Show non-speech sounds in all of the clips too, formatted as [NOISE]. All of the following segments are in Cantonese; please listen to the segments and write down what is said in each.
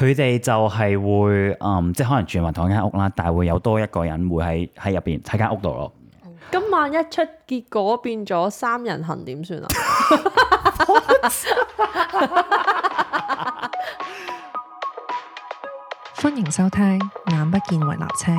佢哋就係會，嗯，即係可能住埋同一間屋啦，但係會有多一個人會喺喺入邊喺間屋度咯、嗯嗯。咁萬一出結果變咗三人行點算啊？歡迎收聽，眼不見為立青。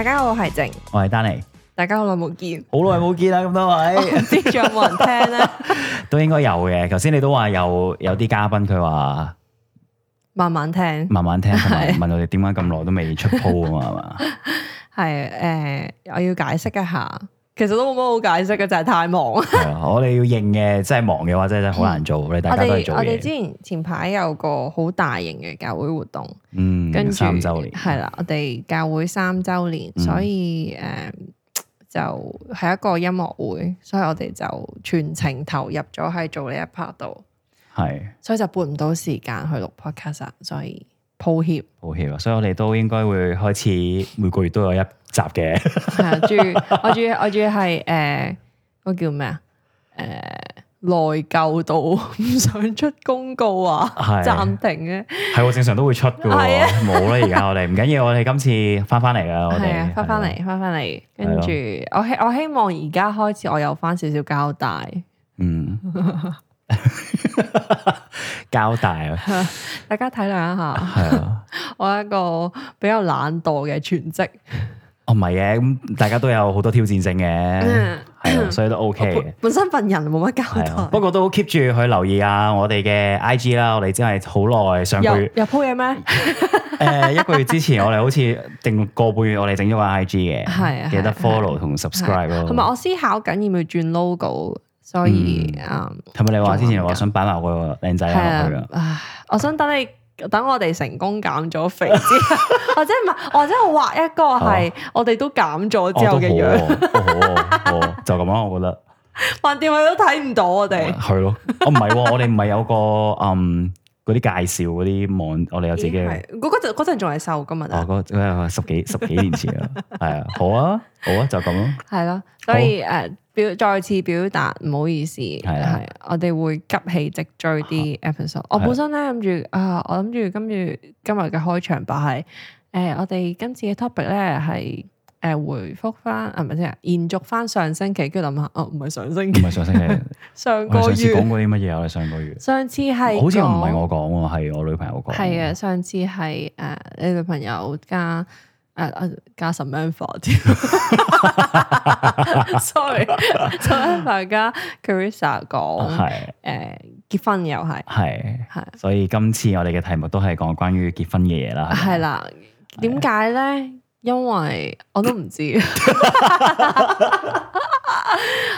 大家好，我係靜，我係丹尼。大家好耐冇見，好耐冇見啦，咁多位，唔知仲有冇人聽咧？都應該有嘅。頭先你都話有有啲嘉賓，佢話慢慢聽，慢慢聽，同埋問我哋點解咁耐都未出鋪啊嘛？係嘛？係誒，我要解釋一下。其實都冇乜好解釋嘅，就係、是、太忙、嗯。 [LAUGHS] 我哋要應嘅，即、就、係、是、忙嘅話，真係真係好難做。嗯、大家都係做嘢。我哋之前前排有個好大型嘅教會活動，嗯、跟住係啦，我哋教會三周年，所以誒、嗯嗯、就係一個音樂會，所以我哋就全程投入咗喺做呢一 part 度。係是，所以就撥唔到時間去錄 podcast，所以。抱歉，抱歉啊！所以我哋都應該會開始每個月都有一集嘅、 [LAUGHS] 啊。住我住我住係誒，個、呃、叫咩啊？誒、呃，內疚到唔 [LAUGHS] 想出公告啊，暫、啊、停嘅、啊。係我、啊、正常都會出㗎、啊，冇啦、啊，而家我哋唔緊要，我哋今次翻翻嚟㗎，我哋翻翻嚟，翻翻嚟。跟住我希我希望而家開始我有翻少少交代。嗯。 [LAUGHS] 交代啊！大家體諒一下。係啊，我一個比較懶惰嘅全職。哦，唔係嘅，咁大家都有好多挑戰性嘅，係咯，所以都 OK。本身份人冇乜交代，不過都 keep 住去留意下我哋嘅 IG 啦，我哋真係好耐上鋪，入鋪嘢咩？誒，一個月之前我哋好似定個半月，我哋整咗個 IG 嘅，係記得 follow 同 subscribe 咯。同埋我思考緊要唔要轉 logo。所以啊，係咪你話之前我想擺埋個靚仔啊？我想等你等我哋成功減咗肥之後，或者唔係或者我畫一個係我哋都減咗之後嘅樣，就咁啦。我覺得，橫掂佢都睇唔到我哋。係咯，哦唔係，我哋唔係有個嗯嗰啲介紹嗰啲網，我哋有自己。我嗰陣嗰陣仲係瘦噶嘛，啊嗰嗰係十幾十幾年前啊，係啊，好啊好啊，就咁咯。係咯，所以誒。表再次表達唔好意思，係啊係啊，我哋會急起直追啲 e 我本身咧諗住啊，我諗住跟住今日嘅開場白係誒，我哋今次嘅 topic 咧係誒回覆翻，係咪先？延續翻上星期，跟住諗下，哦唔係上星期，唔係上星期， [LAUGHS] [LAUGHS] 上個月講過啲乜嘢？我哋上個月上次係，好似唔係我講喎，係我女朋友講。係啊，上次係誒你女朋友加。誒誒，加十蚊房添。Sorry，首先大家，Carissa 講誒結婚又係係係，所以今次我哋嘅題目都係講關於結婚嘅嘢啦。係啦是，點解咧？因為我都唔知。係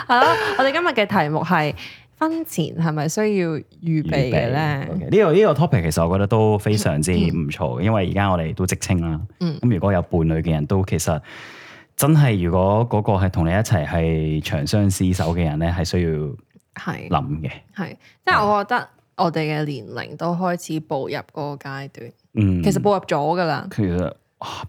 咯，我哋今日嘅題目係。婚前係咪需要預備嘅咧？呢、okay. 這個呢、這個 topic 其實我覺得都非常之唔錯，因為而家我哋都即稱啦。咁、嗯、如果有伴侶嘅人都其實真係，如果嗰個係同你一齊係長相廝守嘅人咧，係需要諗嘅。係，即係我覺得我哋嘅年齡都開始步入嗰個階段。嗯，其實步入咗噶啦。嗯、其實。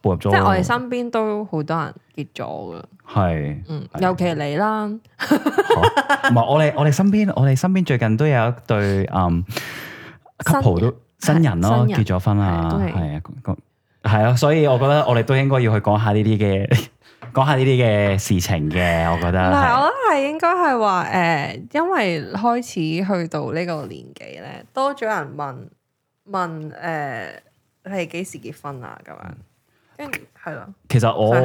步、啊、入咗，即係我哋身邊都好多人結咗噶，係是，嗯，的尤其你啦，唔係我哋我哋身邊，我哋身邊最近都有一對嗯、um, couple 都新人咯，新人哦、新人結咗婚啊，係啊、嗯，係啊，所以我覺得我哋都應該要去講下呢啲嘅，講 [LAUGHS] 下呢啲嘅事情嘅，我覺得，唔係，我都係應該係話誒，因為開始去到呢個年紀咧，多咗人問問誒，你係幾時結婚啊？咁樣。跟住係啦，其實我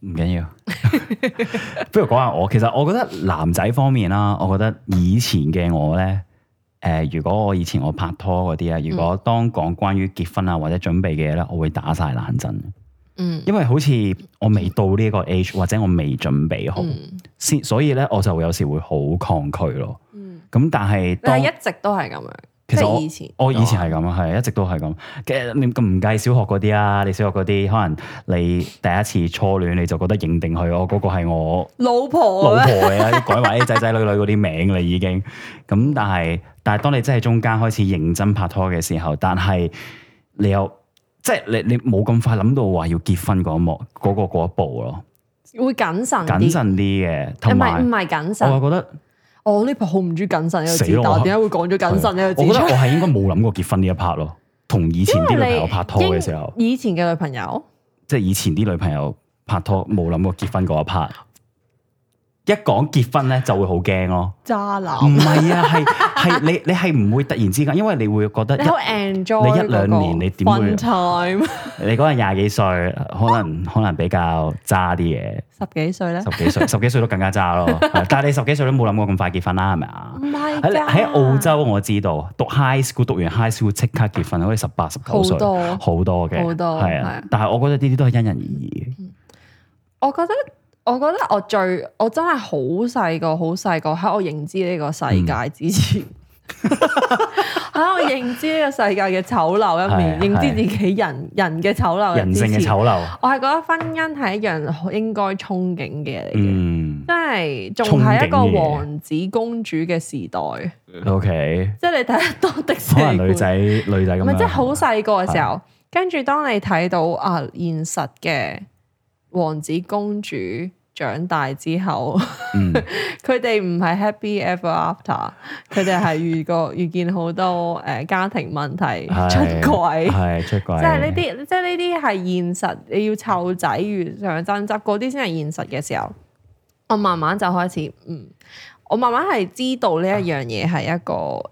唔緊要，哭關 [LAUGHS] 不如講下我。其實我覺得男仔方面啦，我覺得以前嘅我咧，誒、呃，如果我以前我拍拖嗰啲啊，如果當講關於結婚啊或者準備嘅嘢咧，我會打晒冷震。嗯，因為好似我未到呢一個 age，或者我未準備好，先、嗯、所以咧我就有時會好抗拒咯。咁、嗯、但係但係一直都係咁樣。其實我以我以前係咁啊，係一直都係咁。哦、其實你咁唔計小學嗰啲啊，你小學嗰啲可能你第一次初戀你就覺得認定佢哦，嗰、嗰個係我老婆老婆嘅、啊， [LAUGHS] 改埋仔仔女女嗰啲名啦已經。咁但係但係當你真係中間開始認真拍拖嘅時候，但係你又即係你你冇咁快諗到話要結婚嗰一幕，嗰、嗰個嗰一步咯，會謹慎謹慎啲嘅。同埋，唔係唔係謹慎，我覺得。我呢排好唔中意謹慎呢個字，我但係點解會講咗謹慎呢個字？我覺得我係應該冇諗過結婚呢一 part 咯，同以前啲女朋友拍拖嘅時候，以前嘅女朋友，即係以前啲女朋友拍拖冇諗過結婚嗰一 part。一講結婚咧，就會好驚咯。渣男唔係啊，係係你你係唔會突然之間，因為你會覺得有？你一兩年你點會？你嗰陣廿幾歲，可能可能比較渣啲嘢。十幾歲咧？十幾歲，十幾歲都更加渣咯。但係你十幾歲都冇諗過咁快結婚啦，係咪啊？唔係。喺澳洲我知道，讀 high school 讀完 high school 即刻結婚，好似十八十九歲好多好多嘅，係啊。但係我覺得呢啲都係因人而異。我覺得。我覺得我最我真係好細個，好細個喺我認知呢個世界之前，喺、嗯、 [LAUGHS] [LAUGHS] 我認知呢個世界嘅醜陋入面，哎、呀認知自己人、哎、呀人嘅醜陋,陋，人性嘅醜陋。我係覺得婚姻係一樣應該憧憬嘅嚟嘅，真係仲係一個王子公主嘅時代。O K，、嗯、即係你睇到迪士尼可能女仔女仔咁樣，唔係即係好細個嘅時候，的是跟住當你睇到啊現實嘅。王子公主長大之後，佢哋唔係 happy ever after，佢哋係遇過 [LAUGHS] 遇見好多誒、呃、家庭問題 [LAUGHS] 出軌，係出軌，即係呢啲，即係呢啲係現實。你要湊仔遇上爭執嗰啲先係現實嘅時候，我慢慢就開始，嗯，我慢慢係知道呢一樣嘢係一個誒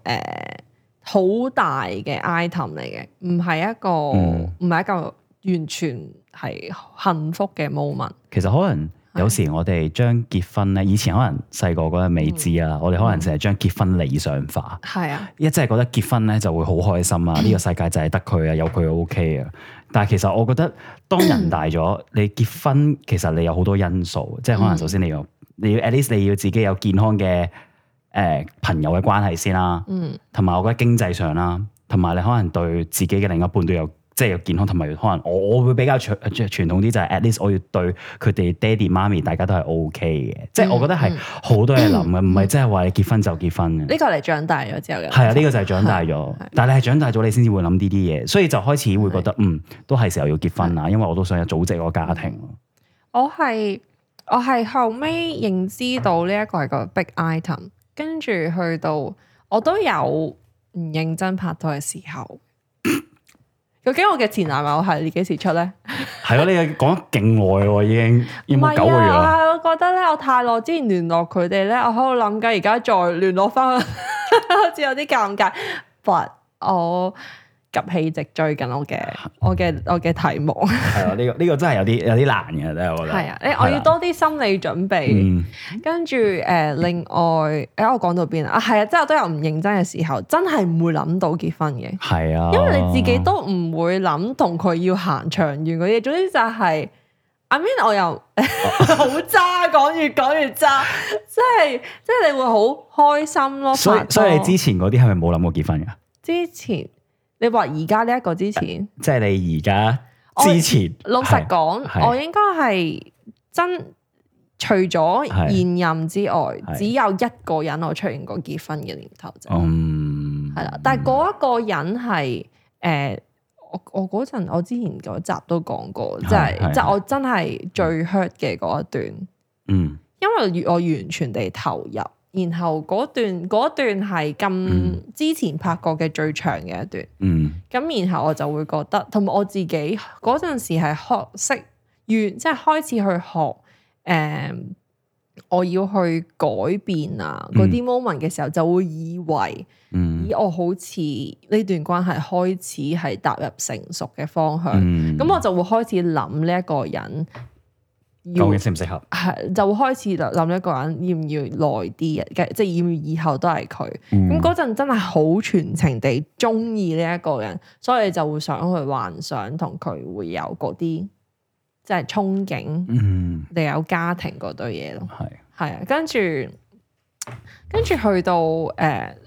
好、呃、大嘅 item 嚟嘅，唔係一個唔係、嗯、一個完全。係幸福嘅 moment。其實可能有時我哋將結婚咧，以前可能細個嗰陣未知啊，嗯、我哋可能成日將結婚理想化。係啊、嗯，一即係覺得結婚咧就會好開心啊！呢、嗯、個世界就係得佢啊，有佢 OK 啊。但係其實我覺得，當人大咗，嗯、你結婚其實你有好多因素，即係可能首先你要你要 at least 你要自己有健康嘅誒、呃、朋友嘅關係先啦、啊。嗯，同埋我覺得經濟上啦、啊，同埋你可能對自己嘅另一半都有。即係健康，同埋可能我我會比較傳傳統啲，就係、是、at least 我要對佢哋爹哋媽咪，大家都係 OK 嘅。即係我覺得係好多嘢諗嘅，唔係即係話你結婚就結婚。呢個你長大咗之後，係啊，呢、這個就係長大咗。但係你係長大咗，你先至會諗呢啲嘢，所以就開始會覺得的嗯，都係時候要結婚啦。的因為我都想有組織個家庭。我係我係後尾認知到呢一個係個 big item，跟住去到我都有唔認真拍拖嘅時候。究竟我嘅前男友係你幾時出咧？係咯，你講得勁耐喎，已經要九個月啦、啊。我覺得咧，我太耐之前聯絡佢哋咧，我喺度諗緊，而家再聯絡返， [LAUGHS] 好似有啲尷尬。但係我。急起直追緊，我嘅我嘅我嘅題目係啊！呢個呢個真係有啲有啲難嘅，真係我覺得係啊！誒我要多啲心理準備，跟住誒另外，誒、哎、我講到邊啊？係啊！真係都有唔認真嘅時候，真係唔會諗到結婚嘅。係啊，因為你自己都唔會諗同佢要行長遠啲嘢。總之就係阿 Min，我又 [LAUGHS] [LAUGHS] 好渣，講越講越渣，即係即係你會好開心咯。所所以，所以你之前嗰啲係咪冇諗過結婚㗎？之前。你話而家呢一個之前，即係你而家之前。老實講，我應該係真除咗現任之外，只有一個人我出現過結婚嘅念頭啫。嗯，係啦，但係嗰一個人係誒、呃，我我嗰陣我之前嗰集都講過，即係即係我真係最 hurt 嘅嗰一段。嗯，因為我完全地投入。然後嗰段嗰段係咁之前拍過嘅最長嘅一段，咁、嗯、然後我就會覺得，同埋我自己嗰陣時係學識完即係開始去學，誒、呃，我要去改變啊嗰啲、嗯、moment 嘅時候，就會以為、嗯、以我好似呢段關係開始係踏入成熟嘅方向，咁、嗯、我就會開始諗呢一個人。要究竟適唔適合？係就會開始就諗一個人要唔要耐啲嘅，即、就、係、是、要唔要以後都係佢。咁嗰陣真係好全情地中意呢一個人，所以就會想去幻想同佢會有嗰啲即係憧憬，嗯，你有家庭嗰對嘢咯。係係、嗯、啊,啊，跟住跟住去到誒、呃，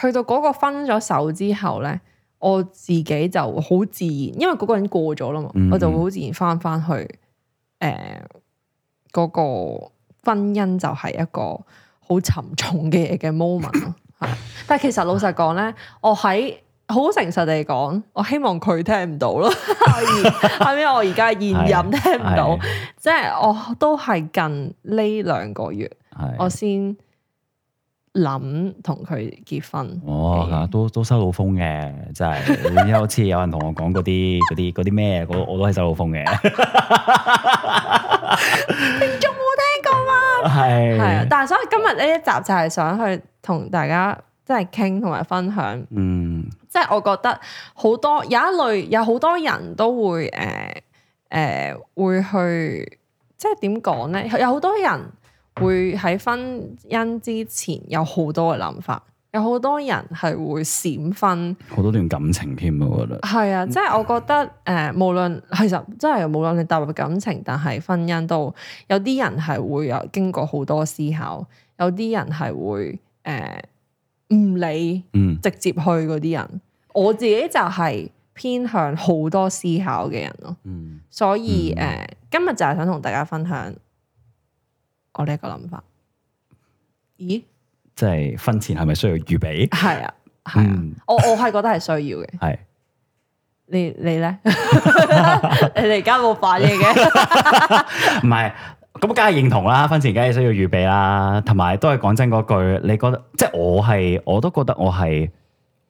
去到嗰個分咗手之後咧，我自己就好自然，因為嗰個人過咗啦嘛，我就會好自然翻翻去誒。呃嗰個婚姻就係一個好沉重嘅嘢嘅 moment 咯，係， [LAUGHS] 但係其實老實講咧，我喺好誠實地講，我希望佢聽唔到咯，係咪我而家現任聽唔到，即係我都係近呢兩個月，是我先。諗同佢結婚，哦，嗯、都都收到風嘅，真係， [LAUGHS] 好似有人同我講嗰啲啲啲咩，我都係收到風嘅。 [LAUGHS] 聽仲冇聽過嘛？係係啊，但係所以今日呢一集就係想去同大家即係傾同埋分享，嗯，即係我覺得好多有一類有好多人都會誒誒、呃呃、會去，即係點講咧？有好多人。會喺婚姻之前有好多嘅諗法，有好多人係會閃婚，好多段感情添，我覺得係 [LAUGHS] 啊，即係我覺得誒、呃，無論其實真係無論你踏入感情，但係婚姻度有啲人係會有經過好多思考，有啲人係會誒唔、呃、理，直接去嗰啲人，嗯、我自己就係偏向好多思考嘅人咯，嗯、所以誒、嗯呃、今日就係想同大家分享。我呢一個諗法，咦？即係婚前係咪需要預備？係啊，係啊，嗯。我我係覺得係需要嘅。係是你你咧？你哋而家冇反應嘅？唔 [LAUGHS] 係， [LAUGHS] 咁梗係認同啦。婚前梗係需要預備啦，同埋都係講真嗰句，你覺得？即係我係我都覺得我係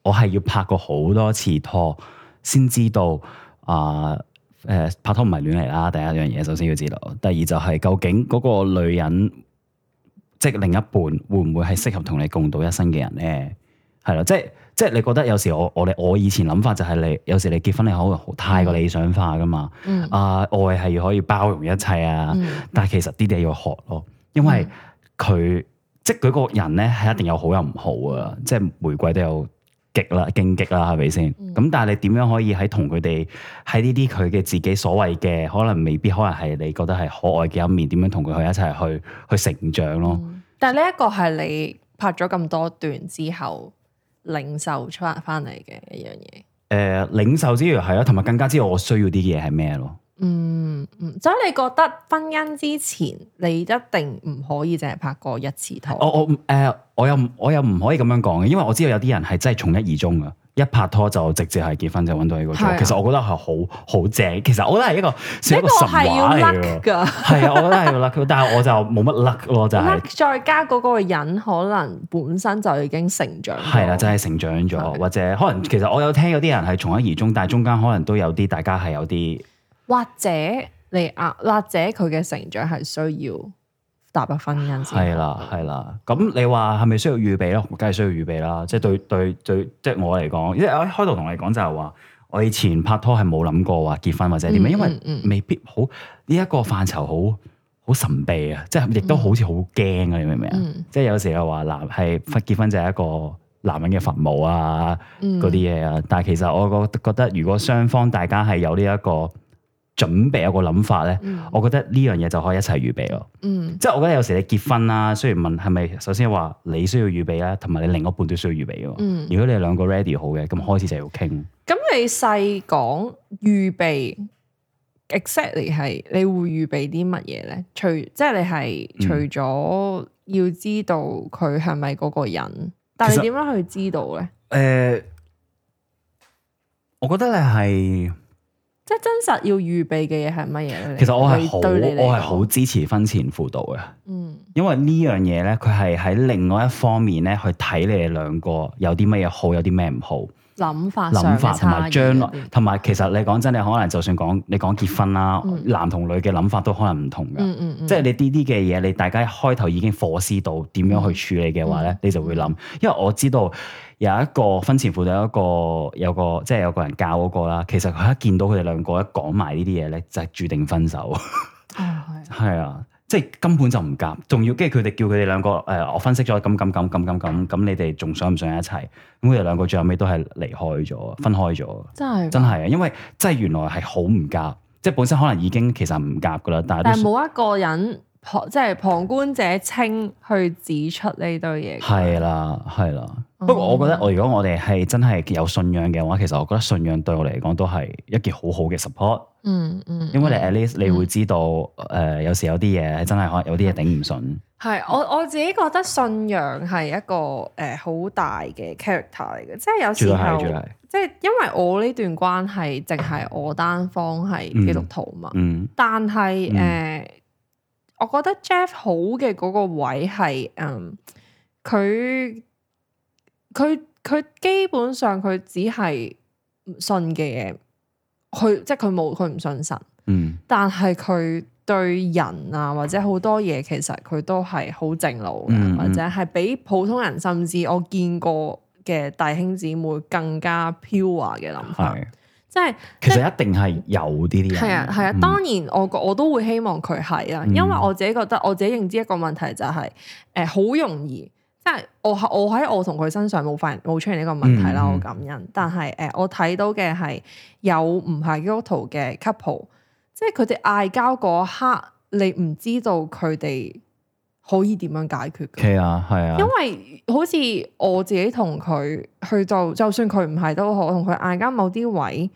我係要拍過好多次拖先知道啊。呃誒、呃，拍拖唔係亂嚟啦，第一樣嘢首先要知道。第二就係究竟嗰個女人，即、就、係、是、另一半，會唔會係適合同你共度一生嘅人咧？係啦，即係即係你覺得有時我我我以前諗法就係你有時你結婚你可能好、嗯、太過理想化噶嘛。嗯。啊、呃，愛係可以包容一切啊，嗯、但係其實啲嘢要學咯，因為佢、嗯、即係佢個人咧係一定有好有唔好啊，即係玫瑰都有。極啦，勁極啦，係咪先？咁、嗯、但係你點樣可以喺同佢哋喺呢啲佢嘅自己所謂嘅，可能未必可能係你覺得係可愛嘅一面，點樣同佢去一齊去去成長咯？嗯、但係呢一個係你拍咗咁多段之後，領袖出翻嚟嘅一樣嘢。誒、呃，領袖之餘係咯，同埋更加知道我需要啲嘢係咩咯？嗯嗯，所以你覺得婚姻之前你一定唔可以淨係拍過一次拖？哦、我、呃、我誒我又我又唔可以咁樣講嘅，因為我知道有啲人係真係從一而終噶，一拍拖就直接係結婚就揾到一個、啊其，其實我覺得係好好正，其實我覺得係一個是一個神話嚟係 [LAUGHS] 啊，我覺得係要個 luck，但係我就冇乜 luck 咯，就係、是。再加嗰個人可能本身就已經成長。係啊，真係成長咗，啊、或者可能其實我有聽有啲人係從一而終，但係中間可能都有啲大家係有啲。或者你啊，或者佢嘅成長係需要踏入婚姻先。係啦，係啦。咁你話係咪需要預備咯？梗係需要預備啦。即、就、係、是、對對對，就是、即係我嚟講，因為我一開頭同你講就係話，我以前拍拖係冇諗過話結婚或者點樣，嗯嗯嗯、因為未必好呢一、呢個範疇好好神秘啊。即係亦都好似好驚啊！嗯、你明唔明啊？即係、嗯嗯、有時又話男係結婚就係一個男人嘅墳墓啊，嗰啲嘢啊。但係其實我覺覺得，如果雙方大家係有呢、呢、一個。嗯準備有個諗法咧，我覺得呢樣嘢就可以一齊預備咯。嗯，即係我覺得有時你結婚啦，雖然問係咪首先話你需要預備啦，同埋你另一半都需要預備嘅。嗯，如果你哋兩個 ready 好嘅，咁開始就要傾。咁你細講預備，exactly 係你會預備啲乜嘢咧？除即係你係除咗要知道佢係咪嗰個人，但係點樣去知道咧？誒，我覺得你係。即係真實要預備嘅嘢係乜嘢？其實我係好，我係好支持婚前輔導嘅。嗯，因為呢樣嘢咧，佢係喺另外一方面咧，去睇你哋兩個有啲乜嘢好，有啲咩唔好。諗法、諗法同埋將來，同埋 [NOISE] 其實你講真，你可能就算講你講結婚啦，嗯、男同女嘅諗法都可能唔同嘅、嗯。嗯嗯，即係你呢啲嘅嘢，你大家一開頭已經火思到點樣去處理嘅話咧，嗯、你就會諗。嗯、因為我知道有一個婚前輔導，一個有個即係、就是、有個人教嗰、那個啦。其實佢一見到佢哋兩個一講埋呢啲嘢咧，就係、是、注定分手。係係啊！即係根本就唔夾，仲要跟住佢哋叫佢哋兩個誒、呃，我分析咗咁咁咁咁咁咁咁，你哋仲想唔想一齊？咁佢哋兩個最後尾都係離開咗，分開咗。真係真係，因為即係原來係好唔夾，即係本身可能已經其實唔夾噶啦。但係冇一個人旁即係、就是、旁觀者清去指出呢堆嘢。係啦，係啦。不過我覺得我如果我哋係真係有信仰嘅話，其實我覺得信仰對我嚟講都係一件好好嘅 support。嗯嗯，因為你 at least、嗯、你會知道，誒、嗯呃，有時有啲嘢，真係可能有啲嘢頂唔順。係我我自己覺得信仰係一個誒好、呃、大嘅 character 嚟嘅，即係有時候，即係因為我呢段關係淨係我單方係基督徒嘛。嗯。但係誒，我覺得 Jeff 好嘅嗰個位係，嗯，佢。佢佢基本上佢只係信嘅嘢，佢即係佢冇佢唔信神，嗯，但係佢對人啊或者好多嘢，其實佢都係好正路嘅，嗯、或者係比普通人甚至我見過嘅弟兄姊妹更加 p u 嘅諗法，即係的、就是、其實一定係有啲啲，係啊係啊，嗯、當然我我都會希望佢係啦，嗯、因為我自己覺得我自己認知一個問題就係誒好容易。即係我喺我喺我同佢身上冇發冇出現呢個問題啦，我感恩。 [NOISE] 但係誒、呃，我睇到嘅係有唔係基督徒嘅 couple，即係佢哋嗌交嗰刻，你唔知道佢哋可以點樣解決嘅。係啊，係 [NOISE] 啊。嗯嗯、因為好似我自己同佢，去就就算佢唔係都好，同佢嗌交某啲位，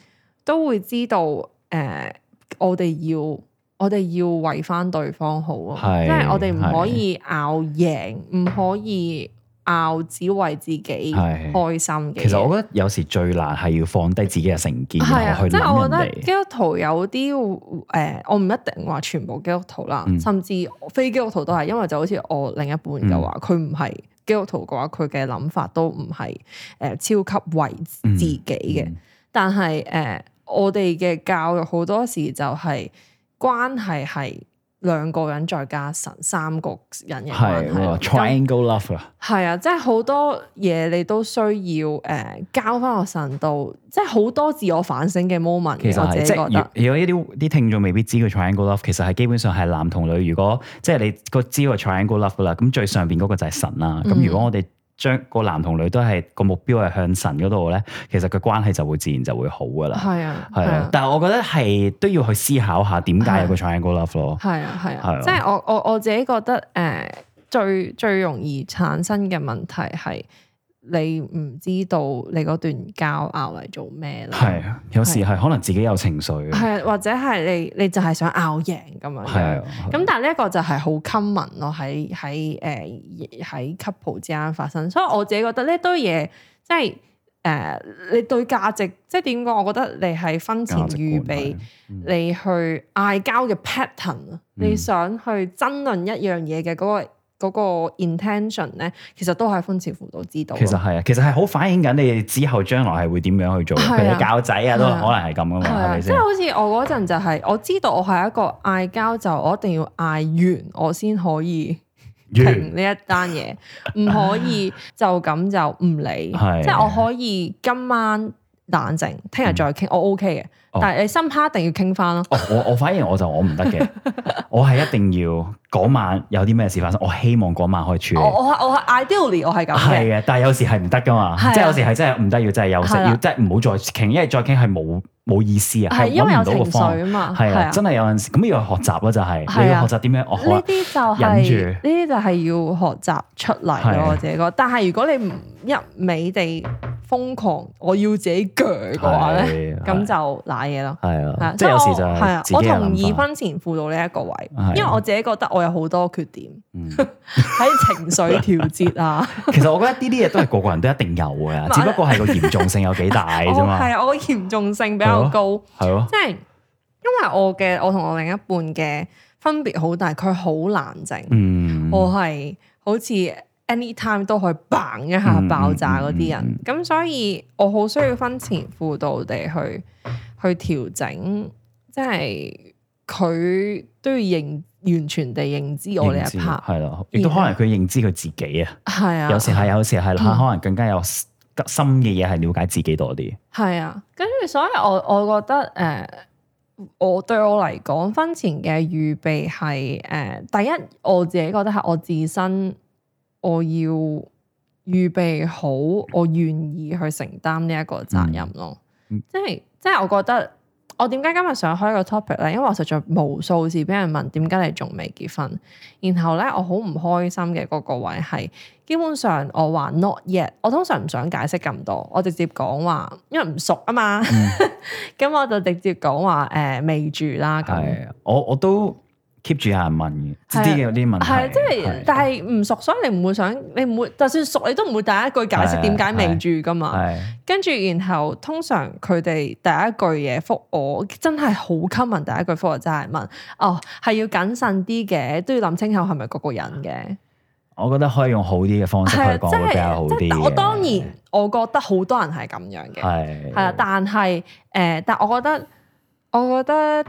都會知道誒、呃，我哋要。我哋要為翻對方好，是即係我哋唔可以拗贏，唔是可以拗只為自己開心嘅。其實我覺得有時最難係要放低自己嘅成見，是去諗人哋，即係我覺得基督徒有啲誒、嗯、呃，我唔一定話全部基督徒啦，甚至非基督徒都係，因為就好似我另一半就話佢唔係基督徒嘅話，佢嘅諗法都唔係誒超級為自己嘅。嗯嗯、但係誒、呃，我哋嘅教育好多時就係、是。關係係兩個人再加神，三個人嘅關係。triangle love 啦，係啊跟，即係好多嘢你都需要誒、呃、交翻個神度，即係好多自我反省嘅 moment。其實即係如果呢啲啲聽眾未必知佢 triangle love，其實係基本上係男同女。如果即係你個知係 triangle love 噶啦，咁最上邊嗰個就係神啦。咁、嗯、如果我哋將個男同女都係個目標係向神嗰度咧，其實個關係就會自然就會好㗎喇。係啊，係啊。但係我覺得係都要去思考下點解有個 triangle love 囉。係啊，係啊。啊啊啊即係我我我自己覺得誒、呃、最最容易產生嘅問題係。你唔知道你嗰段交拗嚟做咩咧？係是，是有時係可能自己有情緒，係或者係你你就係想拗贏咁樣。係的，咁的但係呢一個就係好 common 咯，喺喺誒喺 couple 之間發生。所以我自己覺得呢堆嘢即係誒，你對價值即係點講？我覺得你係婚前預備你去嗌交嘅 pattern、嗯、你想去爭論一樣嘢嘅嗰個嗰個 intention 咧，其實都喺婚前輔導知道其。其實係啊，其實係好反映緊你哋之後將來係會點樣去做，啊、譬如教仔啊，都可能係咁噶嘛。啊、吧即係好似我嗰陣就係，我知道我係一個嗌交就我一定要嗌完，我先可以停呢一單嘢，唔可以就咁就唔理。 [LAUGHS] 即係我可以今晚。冷靜，聽日再傾，我 OK 嘅。但係你深刻一定要傾翻咯。哦，我我反而我就我唔得嘅，我係一定要嗰晚有啲咩事發生，我希望嗰晚可以處理。我我我係 ideally，我係咁係嘅，但係有時係唔得噶嘛，即係有時係真係唔得要真係休息，要即係唔好再傾，因為再傾係冇冇意思啊。係因為有情緒啊嘛。係啊，真係有陣時咁要學習咯，就係你要學習點樣學。呢啲就係呢啲就係要學習出嚟咯，己個。但係如果你唔一美地。瘋狂，我要自己鋸嘅話咧，咁就瀨嘢咯。係啊，即係我係啊，我同意婚前輔導呢一個位，因為我自己覺得我有好多缺點，喺情緒調節啊。其實我覺得呢啲嘢都係個個人都一定有嘅，只不過係個嚴重性有幾大啫嘛。係，我嚴重性比較高，係咯，即係因為我嘅我同我另一半嘅分別好大，佢好冷靜，我係好似 anytime 都可以嘭一下爆炸嗰啲人，咁、嗯嗯、所以我好需要婚前輔導地去去調整，即係佢都要認完全地認知我呢一 part，係咯，亦是都可能佢認知佢自己啊，係啊的，有時係有時係啦，嗯、可能更加有深嘅嘢，係了解自己多啲，係啊，跟住所以我我覺得誒、呃，我對我嚟講婚前嘅預備係誒、呃，第一我自己覺得係我自身。我要預備好，我願意去承擔呢一個責任咯、嗯。即係，即係我覺得，我點解今日想開個 topic 咧？因為我實在無數次俾人問點解你仲未結婚，然後咧我好唔開心嘅嗰個位係，基本上我話 not yet，我通常唔想解釋咁多，我直接講話，因為唔熟啊嘛。咁、嗯、 [LAUGHS] 我就直接講話，誒、呃、未住啦咁。係，我我都。keep 住有人問嘅，有啲問題，係、啊、即係，是但係唔熟，所以你唔會想，你唔會，就算熟，你都唔會第一句解釋點解未住㗎嘛。係跟住，啊、然後通常佢哋第一句嘢覆我，真係好 common。第一句覆我就係問，哦，係要謹慎啲嘅，都要諗清楚係咪嗰個人嘅、啊。我覺得可以用好啲嘅方式去講、啊、會比較好啲、啊。我當然，啊、我覺得好多人係咁樣嘅，係係啦。但係誒、呃，但我覺得，我覺得，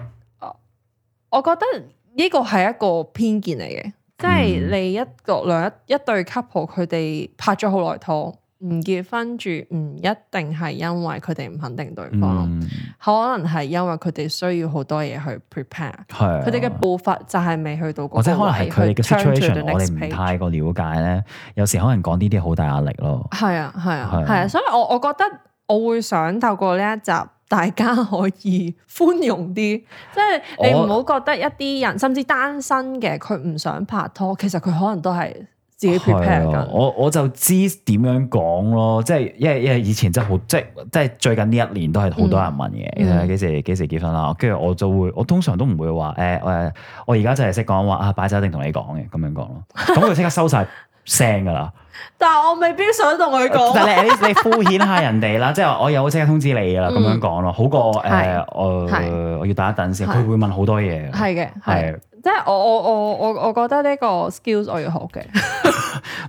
我覺得。呢個係一個偏見嚟嘅，即係你一個兩一一對 couple，佢哋拍咗好耐拖，唔結婚住唔一定係因為佢哋唔肯定對方，嗯、可能係因為佢哋需要好多嘢去 prepare，佢哋嘅的步伐就係未去到，或者可能係佢哋嘅 s i t u a 我哋唔太個了解咧，有時可能講呢啲好大壓力咯。係啊，係啊，係啊的，所以我我覺得我會想透過呢一集。大家可以寬容啲，即係你唔好覺得一啲人我甚至單身嘅佢唔想拍拖，其實佢可能都係自己 prepare 緊。我我就知點樣講咯，即係因為因為以前真係好，即係即係最近呢一年都係好多人問嘅，嗯、其實幾時幾時結婚啦？跟住我就會，我通常都唔會話誒誒，我而家就係識講話啊擺酒定同你講嘅咁樣講咯，咁佢就即刻收晒。 [LAUGHS] 聲噶啦，但係我未必想同佢講。你你敷衍下人哋啦， [LAUGHS] 即係我有即刻通知你啦，咁、嗯、樣講咯，好過誒，我我要等一等先。佢會問好多嘢。係嘅，係即係我我我我我覺得呢個 skills 我要學嘅。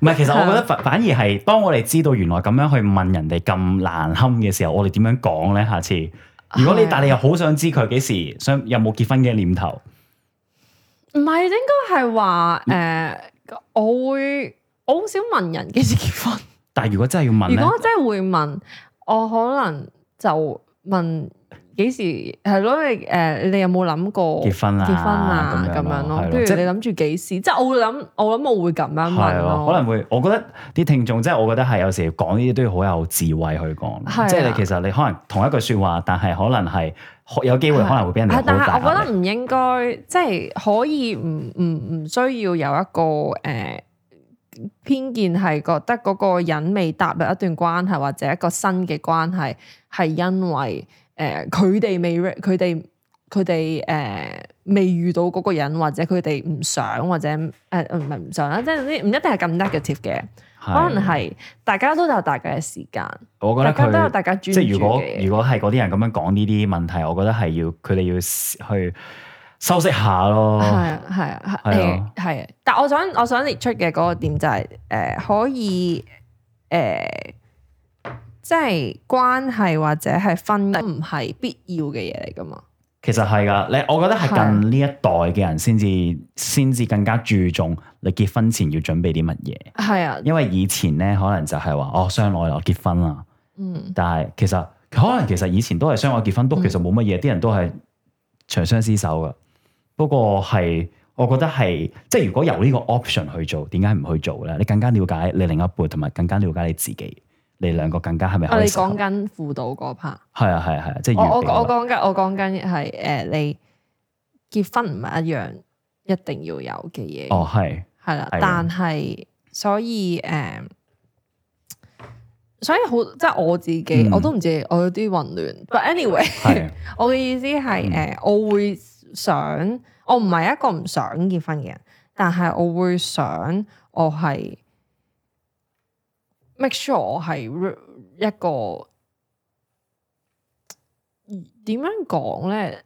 唔係， [LAUGHS] 其實我覺得反反而係當我哋知道原來咁樣去問人哋咁難堪嘅時候，我哋點樣講咧？下次如果你的但係又好想知佢幾時想有冇結婚嘅念頭，唔係應該係話誒，我會。好少問人幾時結婚，但係如果真係要問，如果真係會問，我可能就問幾時係咯？你誒、呃，你哋有冇諗過結婚啊？結婚啊？咁、啊、樣咯，即係樣的你諗住幾時？的即係我諗，我諗我會咁樣問咯。可能會，我覺得啲聽眾即係我覺得係有時講呢啲都要好有智慧去講，即係的你其實你可能同一句説話，但係可能係有機會可能會俾人，但係我覺得唔應該，即、就、係、是、可以唔唔唔需要有一個誒。呃偏見係覺得嗰個人未踏入一段關係或者一個新嘅關係，係因為誒佢哋未佢哋佢哋誒未遇到嗰個人，或者佢哋唔想或者誒唔係唔想，即係嗰啲唔一定係咁 negative 嘅，的可能係大家都有大家嘅時間，我覺得大家都有大家注即係如果如果係嗰啲人咁樣講呢啲問題，我覺得係要佢哋要去。收拾下咯，係啊，係啊，係係啊、欸、啊。但我想我想列出嘅嗰個點就係、是，誒、呃，可以，誒、呃，即、就、係、是、關係或者係婚姻唔係必要嘅嘢嚟噶嘛？其實係噶，你、啊、我覺得係近呢一代嘅人先至先至更加注重你結婚前要準備啲乜嘢。係啊，因為以前咧可能就係話，哦，相愛啦，我結婚啦，嗯，但係其實可能其實以前都係相愛結婚，都其實冇乜嘢，啲、嗯、人都係長相廝守噶。不過係，我覺得係，即係如果由呢個 option 去做，點解唔去做咧？你更加了解你另一半，同埋更加了解你自己，你兩個更加係咪、啊？你哋講緊輔導嗰 part。係啊，係啊，係啊，即係、就是、我我我講緊，我講緊係誒，uh, 你結婚唔係一樣一定要有嘅嘢。哦係，係啦，但係所以誒，uh, 所以好即係我自己，嗯、我都唔知，我有啲混亂。But anyway，的 [LAUGHS] 我嘅意思係誒、嗯，我會。想，我唔係一個唔想結婚嘅人，但係我會想，我係 make sure 我係一個點樣講咧？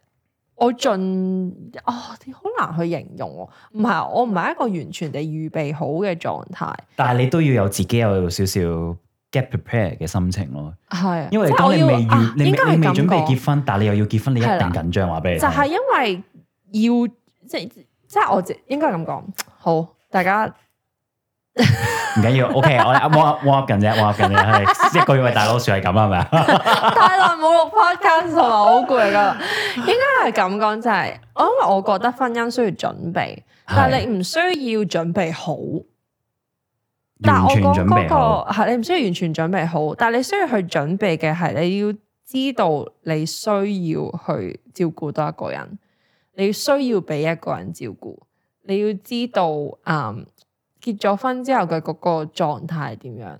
我盡哦，好難去形容。唔係，我唔係一個完全地預備好嘅狀態。但係你都要有自己有少少，get prepare 嘅心情咯，係，因為我你未你你未準備結婚，但係你又要結婚，你一定緊張，話俾你聽就係因為要即即我應該係咁講，好，大家唔緊要，OK，我哋我我噏緊啫，我噏緊啫，一個月嘅大佬樹係咁係咪啊？太耐冇錄 podcast 同埋好攰噶，應該係咁講，即係，因為我覺得婚姻需要準備，但係你唔需要準備好。但我講嗰、嗰個係 [MUSIC] 你唔需要完全準備好，但係你需要去準備嘅係，你要知道你需要去照顧多一個人，你需要俾一個人照顧，你要知道，嗯，結咗婚之後嘅嗰個狀態點樣。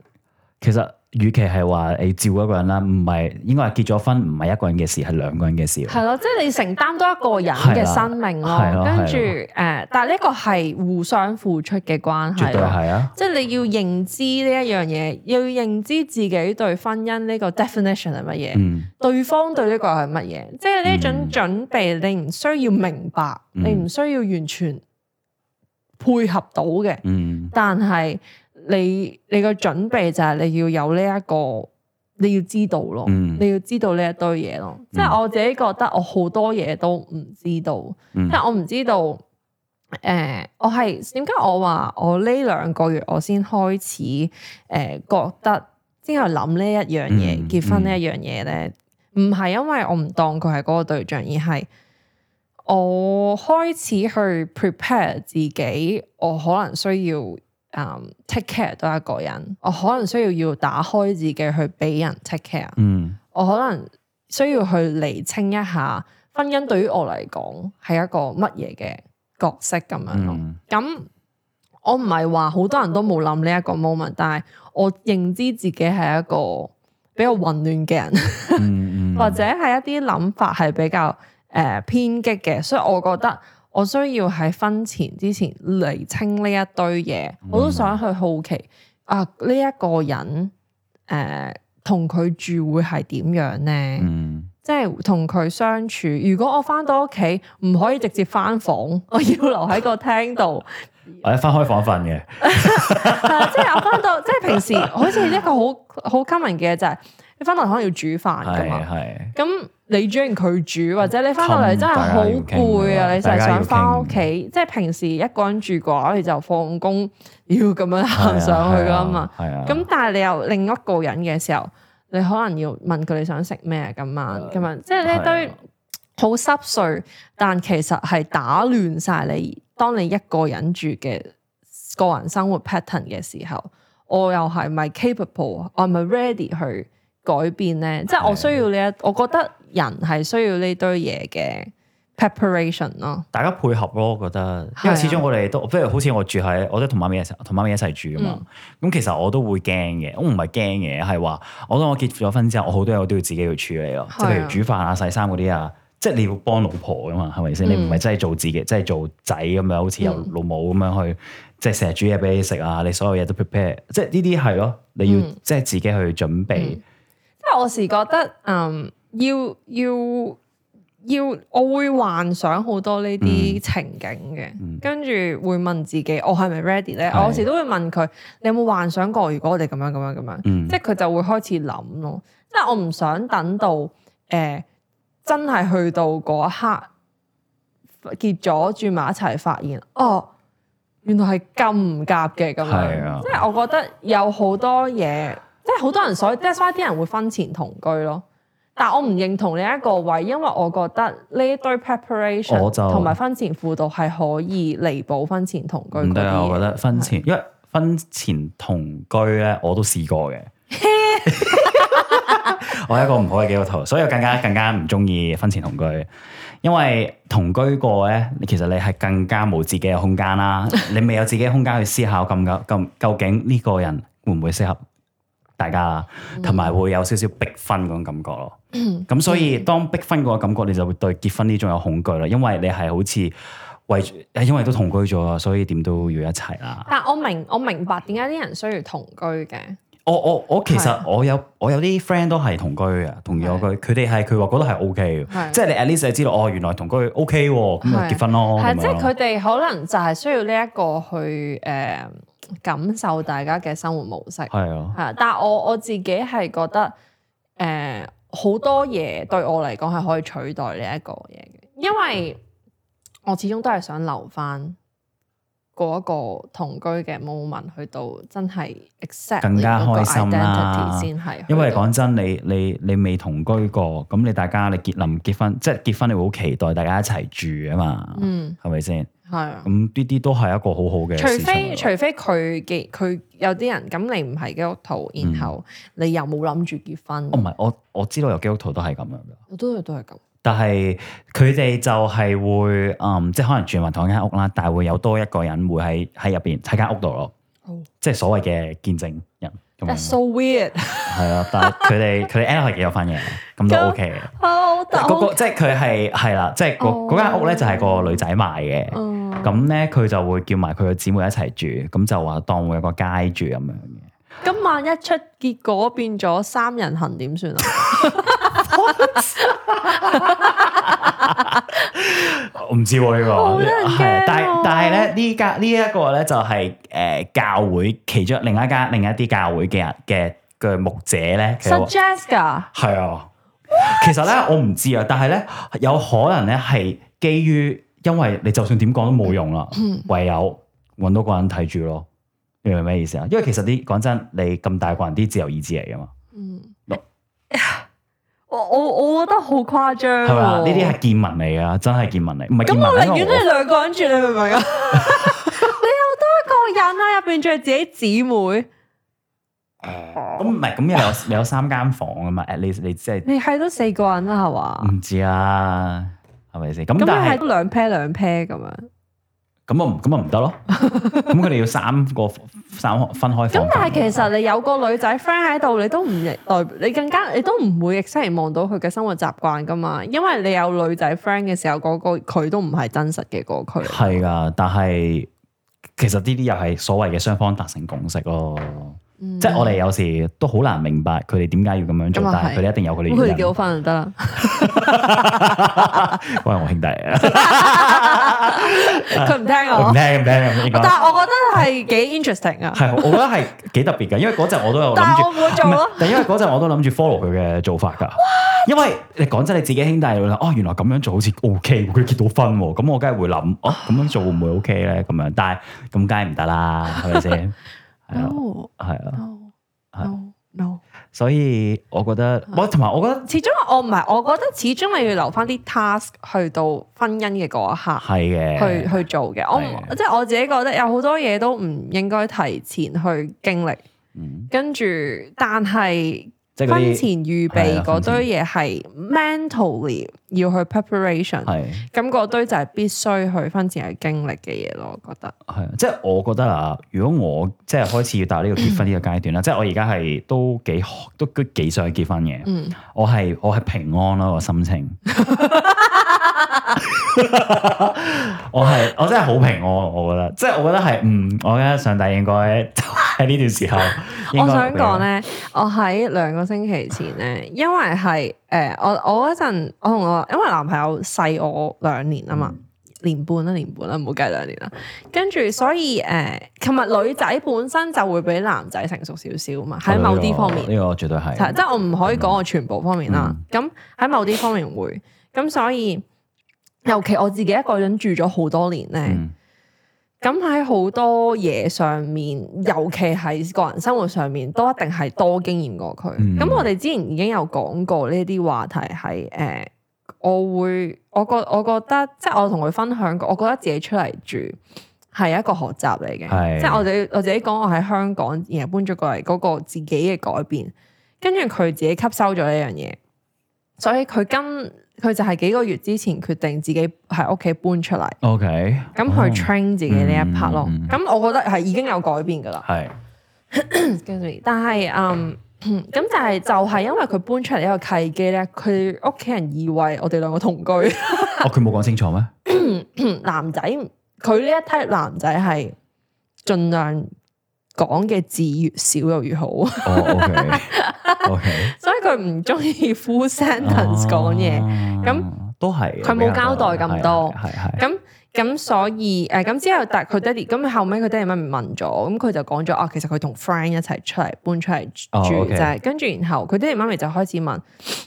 其實。與其係話你照一個人啦，唔係應該係結咗婚唔係一個人嘅事，係兩個人嘅事。係咯，即係你承擔多一個人嘅生命咯。跟住誒、呃，但係呢個係互相付出嘅關係咯。絕對係啊！即係你要認知呢一樣嘢，要認知自己對婚姻呢個 definition 係乜嘢，嗯、對方對呢個係乜嘢。即係呢種準備，你唔需要明白，嗯、你唔需要完全配合到嘅。嗯，但係。你你嘅準備就係你要有呢、這、一個，你要知道咯，嗯、你要知道呢一堆嘢咯。嗯、即係我自己覺得我好多嘢都唔知道，嗯、即係我唔知道。誒、呃，我係點解我話我呢兩個月我先開始誒、呃、覺得先後諗呢一樣嘢，嗯、結婚一呢一樣嘢咧，唔係、嗯嗯、因為我唔當佢係嗰個對象，而係我開始去 prepare 自己，我可能需要。嗯、um，take care 都係一個人，我可能需要要打開自己去俾人 take care。嗯，我可能需要去厘清一下婚姻對於我嚟講係一個乜嘢嘅角色咁樣咯。咁、嗯、我唔係話好多人都冇諗呢一個 moment，但係我認知自己係一個比較混亂嘅人， [LAUGHS] 嗯嗯、或者係一啲諗法係比較誒、呃、偏激嘅，所以我覺得。我需要喺婚前之前厘清呢一堆嘢，我都想去好奇啊呢一個人，誒同佢住會係點樣呢？嗯，即係同佢相處。如果我翻到屋企唔可以直接翻房，我要留喺個廳度，或者翻開房瞓嘅。即係我翻到，即係平時好似一個好好 common 嘅就係、是、你翻嚟可能要煮飯噶嘛，係咁。你將佢煮，或者你翻到嚟真係好攰啊！你成日想翻屋企，即係平時一個人住嘅話，你就放工，要咁樣行上去噶嘛。咁但係你又另一個人嘅時候，你可能要問佢你想食咩咁晚，咁啊、嗯，即係呢堆好濕碎，的但其實係打亂晒你。當你一個人住嘅個人生活 pattern 嘅時候，我又係咪 capable 我係咪 ready 去改變咧，即係的我需要呢一，我覺得。人係需要呢堆嘢嘅 preparation 咯，大家配合咯，我覺得因為始終我哋都，譬如好似我住喺，我都同媽咪一齊，同媽咪一齊住啊嘛。咁其實我都會驚嘅，我唔係驚嘅，係話我當我結咗婚之後，我好多嘢我都要自己去處理咯。即係譬如煮飯啊、洗衫嗰啲啊，即係你要幫老婆噶嘛，係咪先？嗯、你唔係真係做自己，即係做仔咁樣，好似有老母咁樣去，即係成日煮嘢俾你食啊。你所有嘢都 prepare，即係呢啲係咯，你要即係自己去準備。即係、嗯、我是覺得嗯。啊啊要要要，我會幻想好多呢啲情景嘅，跟住、嗯、會問自己我是是，的我係咪 ready 咧？我有時都會問佢，你有冇幻想過如果我哋咁樣咁樣咁樣？樣樣嗯，即係佢就會開始諗咯。即係我唔想等到誒、呃、真係去到嗰刻結咗住埋一齊，發現哦，原來係咁唔夾嘅咁樣。的即係我覺得有好多嘢，即係好多人所以，即係所以啲人會婚前同居咯。但我唔認同呢一個位，因為我覺得呢堆 preparation 同埋婚前輔導係可以彌補婚前同居嗰啲嘢。唔得啊！我覺得婚前，是因為婚前同居咧，我都試過嘅。 [LAUGHS] 我係一個唔好嘅基督徒，所以我更加更加唔中意婚前同居，因為同居過咧，其實你係更加冇自己嘅空間啦。你未有自己嘅空，空間去思考，咁咁究竟呢個人會唔會適合？大家啦，同埋會有少少逼婚嗰種感覺咯。咁所以當逼婚嗰個感覺，你就會對結婚呢種有恐懼啦，因為你係好似為，因為都同居咗，所以點都要一齊啦。但我明我明白點解啲人需要同居嘅。我我我其實我有我有啲 friend 都係同居，同有居，佢哋係佢話覺得係 OK，即係你 at least 係知道哦，原來同居 OK，咁咪結婚咯。係即係佢哋可能就係需要呢一個去誒。感受大家嘅生活模式係 [NOISE] 啊，但係我我自己係覺得，誒、呃，好多嘢對我嚟講係可以取代呢一個嘢嘅，因為我始終都係想留翻嗰一個同居嘅 moment 去到真係 accept 更加開心先、啊、係，因為講真，你你你未同居過，咁你大家你結林結婚，即係結婚你會好期待大家一齊住啊嘛，嗯，係咪先？係啊，咁呢啲都係一個好好嘅，除非除非佢嘅，佢有啲人咁，你唔係基督徒，然後你又冇諗住結婚。嗯、哦，唔係，我我知道有基督徒都係咁樣嘅，我都係都係咁。但係佢哋就係會，嗯，即係可能住埋同一間屋啦，但係會有多一個人會喺喺入邊喺間屋度咯。哦，即係所謂嘅見證人。嗯、That's so weird，係啊， [LAUGHS] 但係佢哋佢哋 Anna 係幾有份嘅，咁都 OK。好大個，即係佢係係啦，即係嗰間屋咧就係個女仔買嘅。咁咧佢就會叫埋佢嘅姊妹一齊住，咁就話當會有個街住咁樣嘅。咁、嗯嗯、萬一出結果變咗三人行點算啊？ [LAUGHS] [LAUGHS] 我唔 [LAUGHS] 知呢、啊 [LAUGHS] 這個，係 [LAUGHS] 但係 [LAUGHS] 但係咧呢間呢一個咧就係誒教會其中另一間另一啲教會嘅嘅嘅牧者咧，suggest 噶係啊，其實咧我唔知啊，但係咧有可能咧係基於因為你就算點講都冇用啦， [LAUGHS] 唯有搵到個人睇住咯，你明唔明咩意思啊？因為其實啲講真，你咁大個人啲自由意志嚟噶嘛，嗯。 [LAUGHS] 我我我覺得好誇張。係嘛？呢啲係見聞嚟噶，真係見聞嚟，唔係咁我寧願我你兩個人住你，你明唔明啊？你有多個人啊？入邊仲係自己姊妹。咁唔係，咁有有三間房啊嘛？At least， [LAUGHS] 你你即係你係都四個人啦，係話？唔知啊，係咪先？咁但係都兩 pair 兩 pair 咁樣。咁我咁我唔得咯，咁佢哋要三個分，三個分開。咁但係其實你有個女仔 friend 喺度，你都唔亦代，你更加你都唔會雖然望到佢嘅生活習慣噶嘛，因為你有女仔 friend 嘅時候，嗰個佢都唔係真實嘅嗰個。係啊，但係其實呢啲又係所謂嘅雙方達成共識咯。即係我哋有時都好難明白佢哋點解要咁樣做，但係佢哋一定有佢哋。佢哋結好婚就得啦。我係，我兄弟，佢唔聽我，唔聽唔聽。聽聽聽但係我覺得係幾 interesting 啊。係 [LAUGHS] [LAUGHS] ，我覺得係幾特別嘅，因為嗰陣我都有諗住，但我會做但因為嗰陣我都諗住 follow 佢嘅做法噶。What? 因為你講真，你自己兄弟啦，哦，原來咁樣做好似 OK，佢結到婚，咁我梗係會諗，哦、啊，咁樣做會唔會 OK 咧？咁樣，但係咁梗係唔得啦，係咪先？是 [LAUGHS] 係係啊，係、uhm，no，所以我覺得，我同埋我覺得，始終我唔係，我覺得始終咪要留翻啲 task 去到婚姻嘅嗰一刻，係嘅，去去做嘅，我唔，即係我自己覺得有好多嘢都唔應該提前去經歷，嗯，跟住但係。婚前預備嗰的堆嘢係 mentally 要去 preparation，咁嗰的堆就係必須去婚前係經歷嘅嘢咯。我覺得係，即係、就是、我覺得啊，如果我即係開始要達呢個結婚呢個階段啦，即係 [COUGHS] 我而家係都幾都都幾想結婚嘅、嗯。我係我係平安啦個心情，我係我真係好平安。我覺得，即、就、係、是、我覺得係，嗯，我覺得上帝應該。 [LAUGHS] 喺呢段時候，我想講咧，我喺兩個星期前咧，因為係誒、呃，我我嗰陣我同我因為男朋友細我兩年啊嘛、嗯年，年半啦年半啦，唔好計兩年啦，跟住所以誒，琴、呃、日女仔本身就會比男仔成熟少少嘛，喺某啲方面，呢、哦這個，我絕對係，即係我唔可以講我全部方面啦，咁喺、嗯、某啲方面會，咁所以尤其我自己一個人住咗好多年咧。嗯咁喺好多嘢上面，尤其喺個人生活上面，都一定係多經驗過佢。咁、嗯、我哋之前已經有講過呢啲話題，係、呃、誒，我會我覺我覺得，即係我同佢、就是、分享過，我覺得自己出嚟住係一個學習嚟嘅，即係我哋我自己講我喺香港，然後搬咗過嚟嗰個自己嘅改變，跟住佢自己吸收咗呢樣嘢，所以佢跟。佢就係幾個月之前決定自己喺屋企搬出嚟，OK，咁去 train 自己呢一 part 咯。咁、嗯、我覺得係已經有改變噶啦。係是， [COUGHS] 但係，嗯，咁但係就係因為佢搬出嚟一個契機咧，佢屋企人以為我哋兩個同居， [LAUGHS] 哦，佢冇講清楚咩咳咳？男仔，佢呢一 type 男仔係盡量。講嘅字越少又越好。ok ok，所以佢唔中意 full sentence 講嘢，咁都係佢冇交代咁多，係係咁。咁所以，誒咁之後，但佢爹哋咁後尾，佢爹哋媽咪問咗，咁佢就講咗，哦，其實佢同 friend 一齊出嚟搬出嚟住啫，哦 okay。跟住然後佢爹哋媽咪就開始問，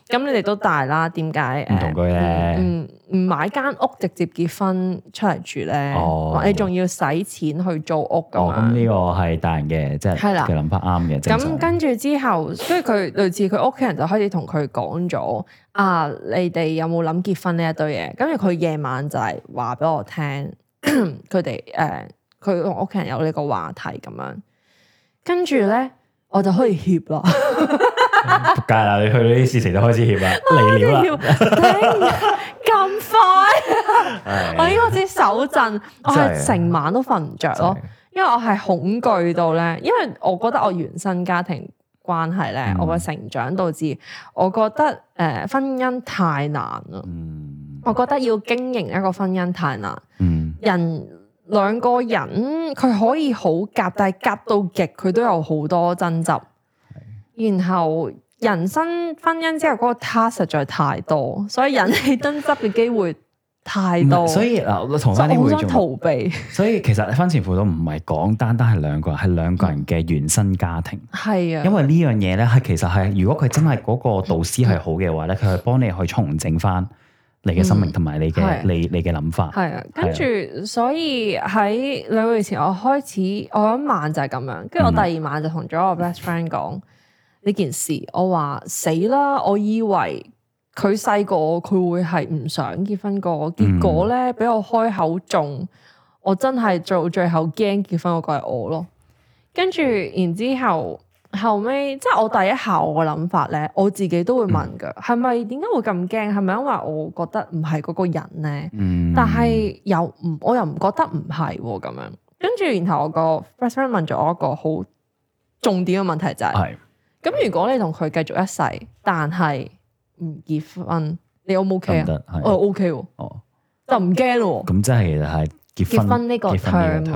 咁、啊、你哋都大啦，點解唔同居咧、嗯？嗯，唔買間屋直接結婚出嚟住咧？哦，你仲要使錢去租屋㗎嘛？哦，咁呢個係大人嘅，即係係啦，嘅諗法啱嘅。咁常跟住之後，跟住佢類似，佢屋企人就開始同佢講咗。啊！你哋有冇諗結婚呢一堆嘢？跟住佢夜晚就係話俾我聽，佢哋誒，佢同屋企人有呢個話題咁樣。跟住咧，我就可以協咯。仆街啦！你去呢啲事情，就開始協啦，離了啦！咁 [LAUGHS] 快？ [LAUGHS] [LAUGHS] 哎，我應該知手震，我係成晚都瞓唔着，咯，因為我係恐懼到咧，因為我覺得我原生家庭。關係咧，嗯、我嘅成長導致，我覺得誒、呃、婚姻太難啦。嗯，我覺得要經營一個婚姻太難。嗯，人兩個人佢可以好夾，但係夾到極佢都有好多爭執。的然後人生婚姻之後嗰個 task 實在太多，所以引起爭執嘅機會。 [LAUGHS] 太多，所以嗱，同翻啲逃避。所以其實婚前輔導唔係講單單係兩個人，係、嗯、兩個人嘅原生家庭，係啊、嗯。因為樣呢樣嘢咧，係其實係，如果佢真係嗰個導師係好嘅話咧，佢係幫你去重整翻你嘅生命同埋你嘅你你嘅諗法，係啊。跟住、啊、所以喺兩個月前，我開始我一晚就係咁樣，跟住我第二晚就同咗我 best friend 講呢件事，嗯、 [LAUGHS] 我話死啦，我以為。佢細個佢會係唔想結婚個，結果咧俾、嗯、我開口仲我真係做最後驚結婚嗰個係我咯。跟住然後之後後尾，即係我第一下我嘅諗法咧，我自己都會問噶，係咪點解會咁驚？係咪因為我覺得唔係嗰個人咧？嗯、但係又唔，我又唔覺得唔係咁樣。跟住然後我個 friend 問咗我一個好重點嘅問題就係、是：，咁是如果你同佢繼續一世，但係？唔結婚，你 O 唔 O K 啊？我 O K 喎，哦，OK、咯哦就唔驚喎。咁即係其實係結婚呢個 t e r m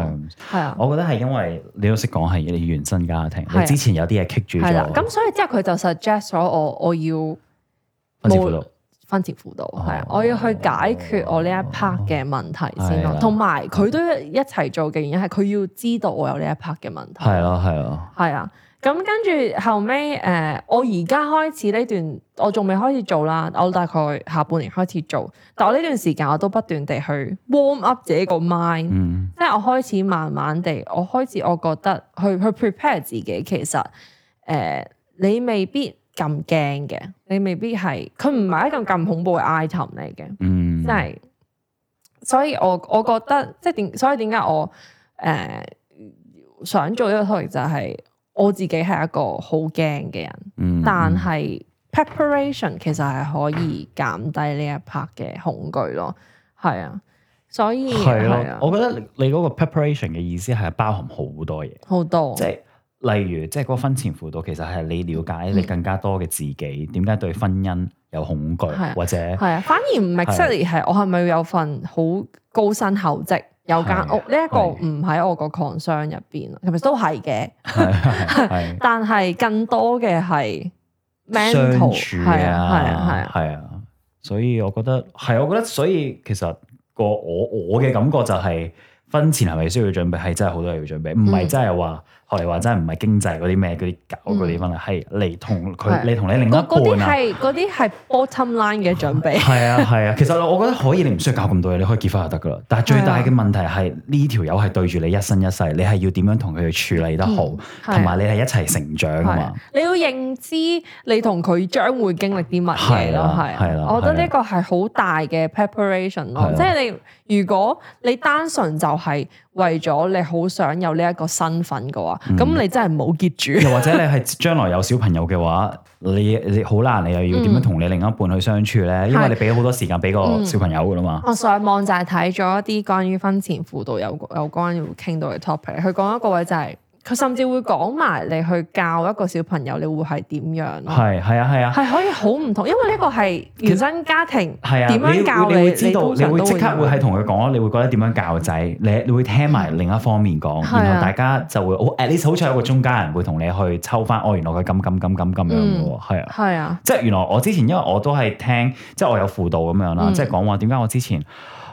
係啊，的我覺得係因為你都識講係你原生家庭，的你之前有啲嘢棘住咗。係啦，咁所以之後佢就 suggest 咗我我要婚前輔導，婚前輔導係啊，我要去解決我呢一 part 嘅問題先咯、啊。同埋佢都一齊做嘅原因係佢要知道我有呢一 part 嘅問題。係啊，係啊，係啊。咁跟住後尾，誒、呃，我而家開始呢段，我仲未開始做啦。我大概下半年開始做，但我呢段時間我都不斷地去 warm up 自己個 mind，即係、嗯、我開始慢慢地，我開始我覺得去去 prepare 自己，其實，誒、呃，你未必咁驚嘅，你未必係，佢唔係一個咁恐怖嘅 item 嚟嘅。嗯，即係，所以我我覺得，即係點，所以點解我，誒、呃，想做呢個 topic 就係、是。我自己係一個好驚嘅人，但係 preparation 其實係可以減低呢一 part 嘅恐懼咯，係啊，所以係啊，啊啊我覺得你嗰個 preparation 嘅意思係包含好多嘢，好多，即係、就是、例如即係嗰個婚前輔導，其實係你了解你更加多嘅自己，點解、嗯、對婚姻有恐懼，啊、或者係啊，反而唔係 sorry 係我係咪有份好高薪厚職？有間屋呢，一個唔喺我個 concern 入邊，其實的都係嘅。的 [LAUGHS] 但係更多嘅係 mental 啊，係啊，係啊，所以我覺得係，我覺得所以其實個我我嘅感覺就係、是、婚前係咪需要準備？係真係好多嘢要準備，唔係真係話。嗯嚟話真係唔係經濟嗰啲咩嗰啲搞嗰啲乜咧，係嚟同佢，你同你另一半嗰啲係嗰啲係 bottom line 嘅準備。係啊，係啊，其實我我覺得可以，你唔需要搞咁多嘢，你可以結婚就得噶啦。但係最大嘅問題係呢條友係對住你一生一世，你係要點樣同佢去處理得好，同埋你係一齊成長啊嘛。你要認知你同佢將會經歷啲乜嘢咯，係啊，我覺得呢個係好大嘅 preparation 咯。即係你如果你單純就係。為咗你好想有呢一個身份嘅話，咁、嗯、你真係冇結住。 [LAUGHS] 又或者你係將來有小朋友嘅話，你你好難，你又要點樣同你另一半去相處咧？嗯、因為你俾咗好多時間俾個小朋友噶啦嘛、嗯。我上網就係睇咗一啲關於婚前輔導有有關要傾到嘅 topic，佢講一個位就係、是。佢甚至會講埋你去教一個小朋友，你會係點樣？係係啊係啊，係可以好唔同，因為呢個係原生家庭。係啊，點樣教你會你會知道，你會即刻會係同佢講咯，你會覺得點樣教仔？你你會聽埋另一方面講，然後大家就會哦，誒，你好似有個中間人會同你去抽翻，哦，原來佢咁咁咁咁咁樣嘅喎，係啊，係啊，即係原來我之前因為我都係聽，即係我有輔導咁樣啦，即係講話點解我之前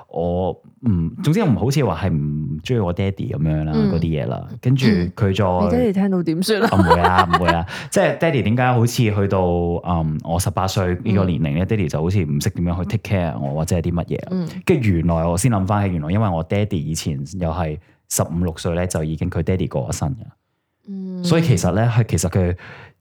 我。嗯，總之唔好似話係唔中意我爹哋咁樣啦，嗰啲嘢啦，跟住佢再爹哋、嗯、聽到點算啦？唔會啊，唔會啊，會 [LAUGHS] 即係爹哋點解好似去到嗯我十八歲呢個年齡咧，爹哋、嗯、就好似唔識點樣去 take care 我或者係啲乜嘢？跟住、嗯、原來我先諗翻起，原來因為我爹哋以前又係十五六歲咧就已經佢爹哋過咗身噶，嗯，所以其實咧係其實佢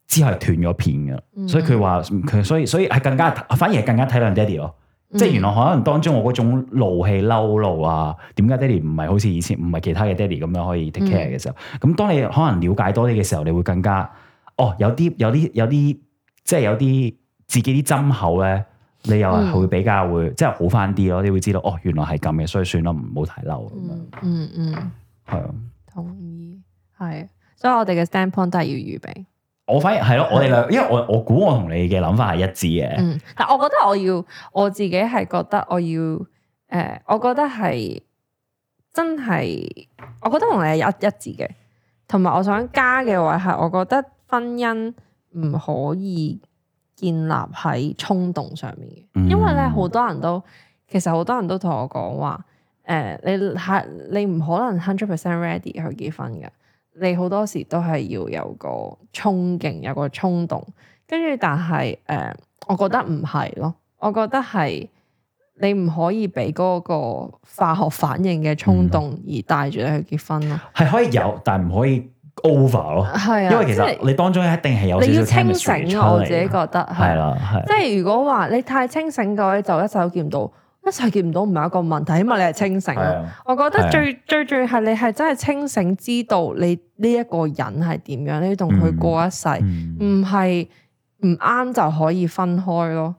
之後係斷咗片噶，所以佢話佢所以所以係更加反而係更加體諒爹哋咯。嗯、即係原來可能當中我嗰種怒氣嬲怒，怒啊，點解爹哋唔係好似以前唔係其他嘅 Daddy 咁樣可以 take care 嘅、嗯、時候？咁當你可能了解多啲嘅時候，你會更加哦，有啲有啲有啲，即係有啲自己啲針口咧，你又係會比較會、嗯、即係好翻啲咯。你會知道哦，原來係咁嘅，所以算啦，唔好太嬲咁樣。嗯嗯，係啊，同意係，所以我哋嘅 standpoint 都係要預備。我反而係咯，我哋兩，因為我我估我同你嘅諗法係一致嘅。嗯，但我覺得我要，我自己係覺得我要，誒、呃，我覺得係真係，我覺得同你係一一致嘅。同埋，我想加嘅話係，我覺得婚姻唔可以建立喺衝動上面嘅，因為咧好多人都，其實好多人都同我講話，誒、呃，你係你唔可能 hundred percent ready 去結婚嘅。你好多時都係要有個衝勁，有個衝動，跟住但係誒、呃，我覺得唔係咯，我覺得係你唔可以俾嗰個化學反應嘅衝動而帶住你去結婚咯。係可以有，但唔可以 over 咯。係啊，因為其實你當中一定係有點點你要清醒啊，我自己覺得係啦，係、啊啊啊、即係如果話你太清醒嘅話，就一手見到。一世見唔到唔係一個問題，起碼你係清醒。啊、我覺得最、啊、最，最最係你係真係清醒，知道你呢一個人係點樣，你同佢過一世，唔係唔啱就可以分開咯。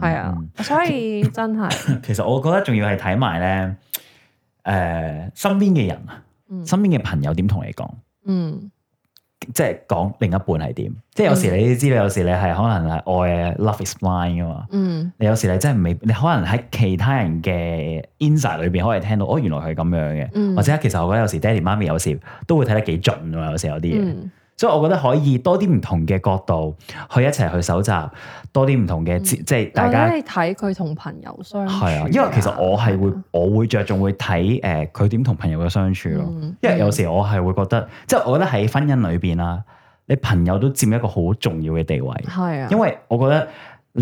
係、嗯、啊，所以真係。其實我覺得仲要係睇埋咧，誒、呃，身邊嘅人啊，身邊嘅朋友點同你講、嗯？嗯。即係講另一半係點，即係有時你知啦，嗯、有時你係可能係愛 Love is blind 噶嘛。嗯，你有時你真係未，你可能喺其他人嘅 insight 裏邊，可以聽到哦，原來係咁樣嘅。或者、嗯、其實我覺得有時爹哋媽咪有時都會睇得幾盡啊，有時有啲嘢。嗯所以我覺得可以多啲唔同嘅角度去一齊去搜集多啲唔同嘅、嗯、即係大家睇佢同朋友相處，係啊，因為其實我係會、嗯、我會着重會睇誒佢點同朋友嘅相處咯。嗯、因為有時我係會覺得，嗯、即係我覺得喺婚姻裏邊啦，你朋友都佔一個好重要嘅地位，係啊、嗯。因為我覺得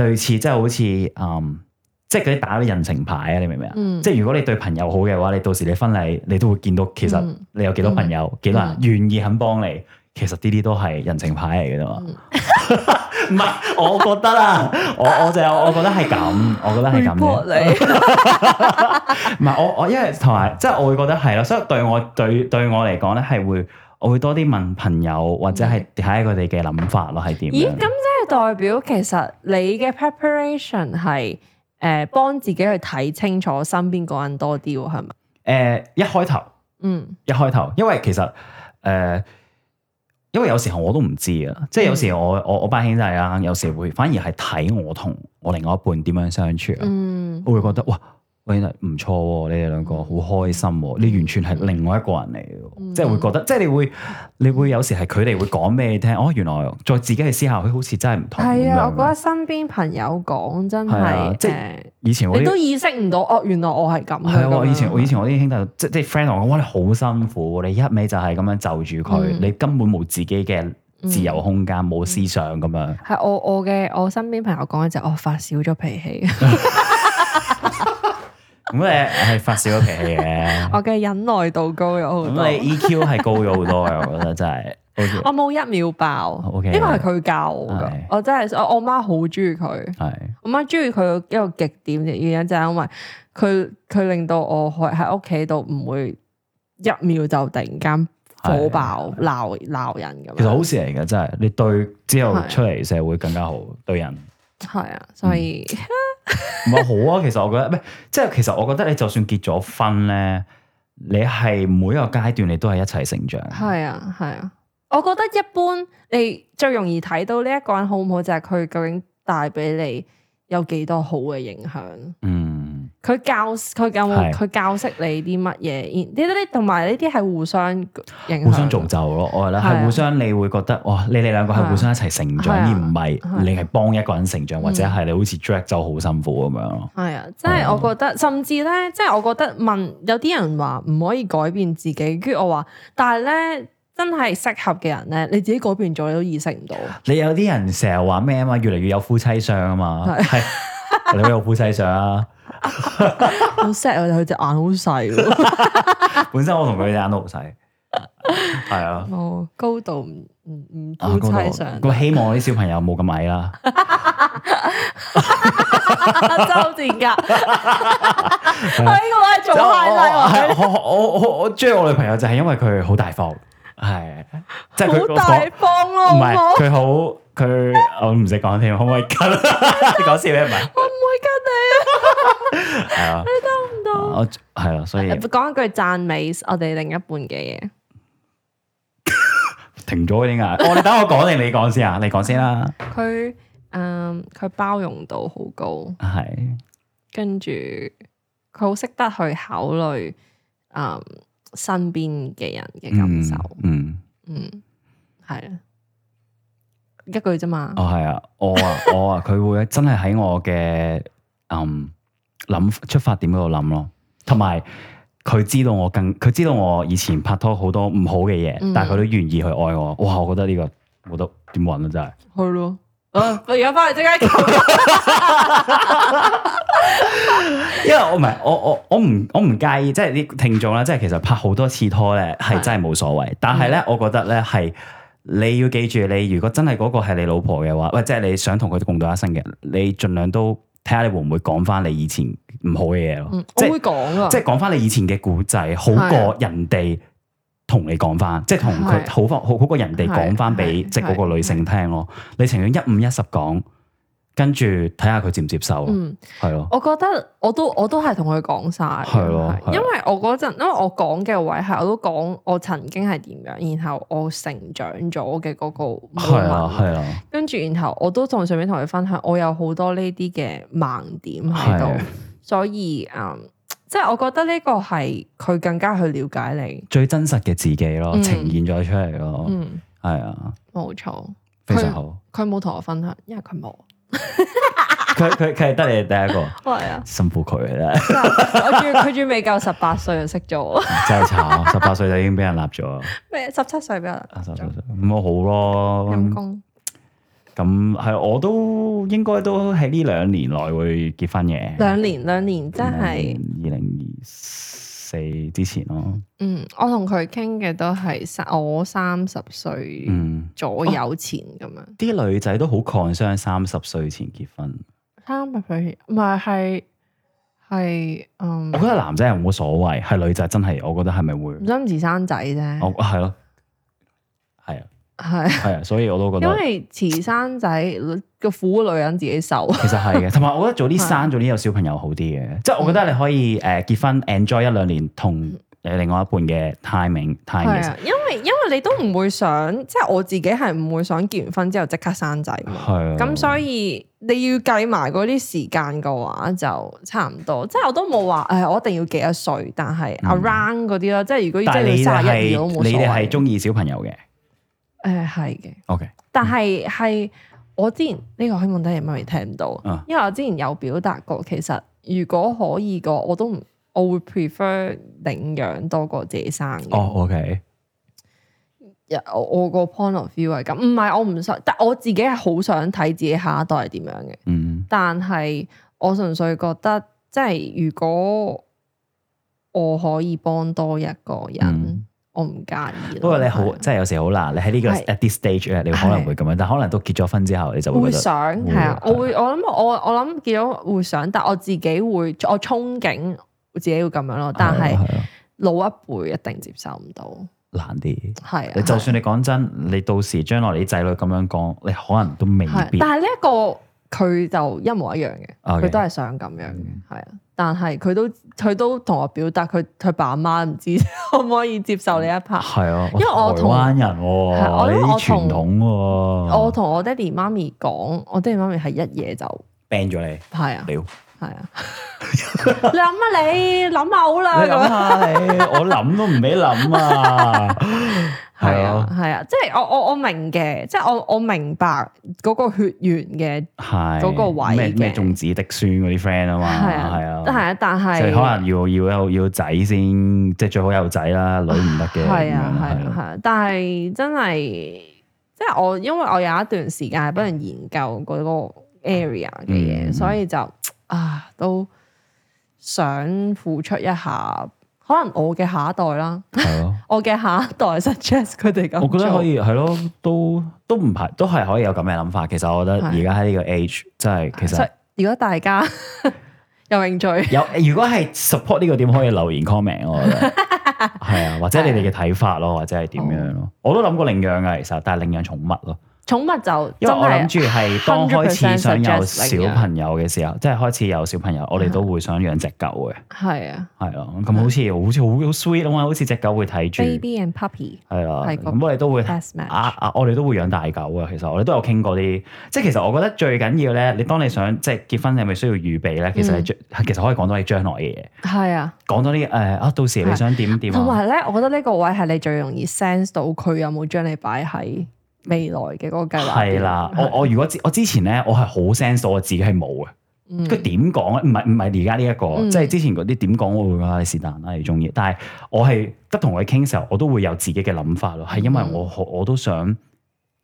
類似即係好似嗯，即係嗰啲打啲人情牌啊，你明唔明啊？嗯、即係如果你對朋友好嘅話，你到時你婚禮你都會見到，其實你有幾多朋友幾多人願意肯幫你。其實呢啲都係人情牌嚟嘅啫嘛，唔係 [LAUGHS] [LAUGHS] 我覺得啊， [LAUGHS] 我我就我覺得係咁，我覺得係咁你？唔係 [LAUGHS] 我 [LAUGHS] 我，我因為同埋即係我會覺得係咯，所以對我對對我嚟講咧係會，我會多啲問朋友或者係睇下佢哋嘅諗法咯，係點？咦？咁即係代表其實你嘅 preparation 係誒幫、呃、自己去睇清楚身邊嗰人多啲係咪？誒、呃，一開頭，嗯，一開頭，因為其實誒。呃因為有時候我都唔知啊，即係有時候我我班兄弟係有時會反而係睇我同我另外一半點樣相處，嗯、我會覺得哇。喂，唔錯、嗯，你哋兩個好開心，你完全係另外一個人嚟，嗯、即係會覺得，即係你會，你會有時係佢哋會講咩聽，哦，原來在自己嘅思考去，佢好似真係唔同。係啊，樣啊我覺得身邊朋友講真係、啊，即係以前你都意識唔到，哦，原來我係咁。係啊，我以，樣、嗯、以前我以前我啲兄弟即係即係 friend 同我講，哇，你好辛苦，你一味就係咁樣就住佢，你根本冇自己嘅自由空間，冇、嗯嗯、 [LAUGHS] 思想咁樣。係我我嘅我身邊朋友講嘅就我發少咗脾氣。咁你係發少咗脾氣嘅， [LAUGHS] 我嘅忍耐度高咗好多。你 EQ 係高咗好多啊！我覺得真係，我冇一秒爆。呢個係佢教我，的我真係我媽的我媽好中意佢。係我媽中意佢一個極點嘅原因就係因為佢佢令到我喺喺屋企度唔會一秒就突然間火爆鬧鬧的人咁樣，其實好事嚟嘅，真係你對之後出嚟社會會更加好的對人。係啊，所以。 [LAUGHS] [LAUGHS] 唔係好啊，其實我覺得，唔係即係，其實我覺得你就算結咗婚咧，你係每一個階段你都係一齊成長。係 [NOISE] 啊，係啊，我覺得一般你最容易睇到呢一個人好唔好，就係、是、佢究竟帶俾你有幾多好嘅影響。嗯。佢教佢教佢教識你啲乜嘢？呢啲同埋呢啲係互相影響、互相造就咯。我覺得係、啊、互相，你會覺得哇，你哋兩個係互相一齊成長，啊、而唔係你係幫一個人成長，啊、或者係你好似 drag 就好辛苦咁樣。係啊，即係我覺得，嗯、甚至咧，即係我覺得問有啲人話唔可以改變自己，跟住我話，但係咧真係適合嘅人咧，你自己改變咗，你都意識唔到。你有啲人成日話咩啊嘛？越嚟越有夫妻相啊嘛，係你有夫妻相啊？ [LAUGHS] [LAUGHS] 好 sad 啊！佢隻眼好細， [LAUGHS] 本身我同佢隻眼都好細，係啊。哦，高度唔唔唔高太上。咁希望啲小朋友冇咁矮啦。都掂噶？佢呢個我係做派晒。我我我我中意我，我女朋友就係因為佢好大方。係，即係好大方囉，唔係佢好佢，我唔使講添，可唔可以跟你講笑咩？唔係，我唔會跟你，係啊，你得唔得？我係啊，所以講一句讚美我哋另一半嘅嘢，停咗點解？我哋等我講定你講先啊，你講先啦。佢嗯，佢包容度好高，係跟住佢好識得去考慮嗯。身邊嘅人嘅感受，嗯，嗯，係啊、嗯，一句啫嘛。哦，係啊，我啊，我啊，佢會真係喺我嘅 [LAUGHS] 嗯諗出發點度諗咯，同埋佢知道我更佢知道我以前拍拖好多唔好嘅嘢，嗯、但係佢都願意去愛我。哇，我覺得呢、這個我都點搵啊，真係。係咯。我而家翻嚟即刻， [LAUGHS] [LAUGHS] 因為我唔係我我我唔我唔介意，即係啲聽眾啦，即係其實拍好多次拖咧係真係冇所謂。的但係咧，嗯、我覺得咧係你要記住你，你如果真係嗰個係你老婆嘅話，喂，即係你想同佢哋共度一生嘅，你盡量都睇下你會唔會講翻你以前唔好嘅嘢咯。我會講啊，即係講翻你以前嘅古仔，好過人哋。同你講翻，即係同佢好好好過人哋講翻俾，即係嗰個女性聽咯。的你情願一五一十講，跟住睇下佢接唔接受？嗯，係咯的。我覺得我都我都係同佢講晒，係咯。因為我嗰陣，因為我講嘅位係，我都講我曾經係點樣，然後我成長咗嘅嗰個係啊係啊。那個，跟住然後我都仲順便同佢分享，我有好多呢啲嘅盲點喺度，的的所以誒。嗯即係我覺得呢個係佢更加去了解你最真實嘅自己咯，呈現咗出嚟咯，嗯，係啊，冇錯，非常好。佢冇同我分享，因為佢冇。佢佢佢係得你第一個，係啊，辛苦佢啦。我仲要，佢仲未夠十八歲就識咗，真係慘！十八歲就已經俾人立咗咩？十七歲俾人立咗，十七歲，咁咪好咯。工咁係我都應該都喺呢兩年內會結婚嘅。兩年兩年即係二零二四之前咯。嗯，我同佢傾嘅都係三，我三十歲左右前咁樣。啲、嗯啊、女仔都好抗爭，三十歲前結婚。三十歲唔係係係嗯我，我覺得男仔係冇所謂，係女仔真係，我覺得係咪會唔唔止生仔啫？哦，係咯。係，係啊，所以我都覺得，因為遲生仔個苦，女人自己受。其實係嘅，同埋我覺得早啲生早啲的有小朋友好啲嘅，即係的我覺得你可以誒結婚 enjoy 一兩年同誒另外一半嘅 timing time 的。其實時，因為因為你都唔會想，即、就、係、是、我自己係唔會想結完婚之後即刻生仔嘛。係啊的。咁所以你要計埋嗰啲時間嘅話就，就差唔多。即係我都冇話誒，我一定要幾多歲，但係 around 嗰啲咯。即係如果，但係你係你哋係中意小朋友嘅。誒，係嘅、呃。OK，但係係我之前呢，這個希望都係咪聽唔到？啊、因為我之前有表達過，其實如果可以嘅，我都唔。我會 prefer 領養多過自己生嘅。哦、oh，OK 我。我我個 point of view 係咁，唔係我唔想，但我自己係好想睇自己下一代係點樣嘅。嗯。但係我純粹覺得，即係如果我可以幫多一個人。嗯我唔介意。不過你好，即係有時好難。你喺呢個 at this stage 你可能會咁樣，但可能到結咗婚之後，你就會想係啊。我會我諗我我諗結咗會想，但我自己會我憧憬自己會咁樣咯。但係老一輩一定接受唔到，難啲係啊。就算你講真，你到時將來你仔女咁樣講，你可能都未必。但係呢一個。佢就一模一樣嘅，佢 Okay. 都係想咁樣嘅，係啊 Okay.。但係佢都佢都同我表達，佢佢爸阿媽唔知可唔可以接受你一拍。係啊，因為我同台灣人、哦，我哋啲傳統我。我同我爹哋媽咪講，我爹哋媽咪係一夜就病咗你。係啊，想想了。係 [LAUGHS] 啊，你諗啊你諗好啦。你你，我諗都唔俾諗啊。 [LAUGHS] .係啊，即係我我我明嘅，即係我我明白嗰個血緣嘅，係嗰個位咩咩、啊、種子的孫嗰啲 friend 啊嘛，係啊，係啊，啊但係是即係可能要要有要仔先，即係最好有仔啦，女唔得嘅係啊，係啊，係啊，但係真係 [NOISE] 即係我因為我有一段時間幫人研究嗰個 area 嘅嘢，嗯、所以就啊都想付出一下。可能我嘅下一代啦，是的 我嘅下一代 suggest 佢哋咁，我覺得可以係咯，都都唔係，都係可以有咁嘅諗法。其實我覺得而家喺呢個 age，真係的其實如果大家 [LAUGHS] 醉有興趣，有如果係 support 呢、這個點，可以留言 comment， [LAUGHS] 我覺得係啊，或者你哋嘅睇法咯， [LAUGHS] 或者係點樣咯，的我都諗過領養啊，其實但係領養寵物咯。寵物就，因為我諗住係當開始想有小朋友嘅時候，即係開始有小朋友，我哋都會想養隻狗嘅。係啊，係咯，咁好似好似好好 sweet 啊，好似隻狗會睇住。Baby and puppy。係啊，咁我哋都會啊啊，我哋都會養大狗啊。其實我哋都有傾過啲，即係其實我覺得最緊要咧，你當你想即係結婚，係咪需要預備咧？其實係將，其實可以講到你將來嘅嘢。係啊，講多啲誒啊，到時你想點點啊？同埋咧，我覺得呢個位係你最容易 sense 到佢有冇將你擺喺。未來嘅嗰個計劃係啦，嗯、我我如果我之前咧，我係好 sense 到我自己係冇嘅。佢點講咧？唔係唔係而家呢一、這個，嗯、即係之前嗰啲點講，我會覺得你是但啦，你中意。但係我係得同佢傾時候，我都會有自己嘅諗法咯。係因為我我我都想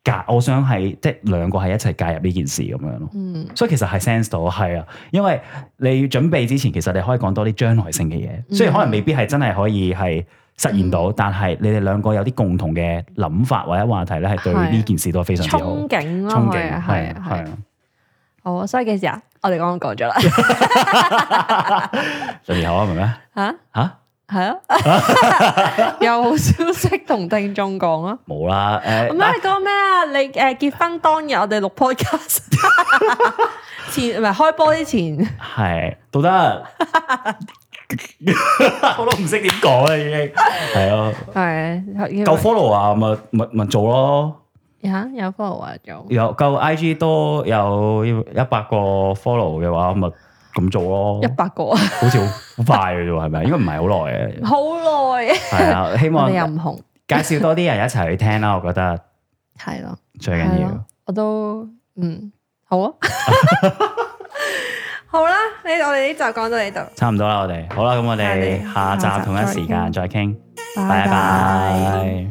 介，嗯、我想係即係兩個係一齊介入呢件事咁樣咯。嗯，所以其實係 sense 到係啊，因為你準備之前，其實你可以講多啲將來性嘅嘢，嗯嗯、所以可能未必係真係可以係。實現到，但係你哋兩個有啲共同嘅諗法或者話題咧，係對呢件事都非常之好。憧憬咯，係係怯。哦，所以幾時啊，我哋講講咗啦。準 [LAUGHS] 備好啊，明咩？吓吓係啊，有消息同聽眾講咯。冇啦，誒、欸，你講咩啊？你誒結婚當日我哋錄 podcast [LAUGHS] 前唔係開波之前，係都得。 [LAUGHS] 我都唔識點講啦，已經係咯，係夠 follow 啊，咪咪咪做咯。吓有 follow 啊，做有夠 IG 多有一百個 follow 嘅話，咪咁做咯。一百個啊，好似好好快嘅啫，係咪？應該唔係好耐嘅，好耐。係啊，希望又唔紅，介紹多啲人一齊去聽啦。我覺得係咯，最緊要。我都嗯好啊。好啦，呢我哋呢集講到呢度，差唔多啦。我哋好啦，咁我哋下集同一時間再傾，拜拜。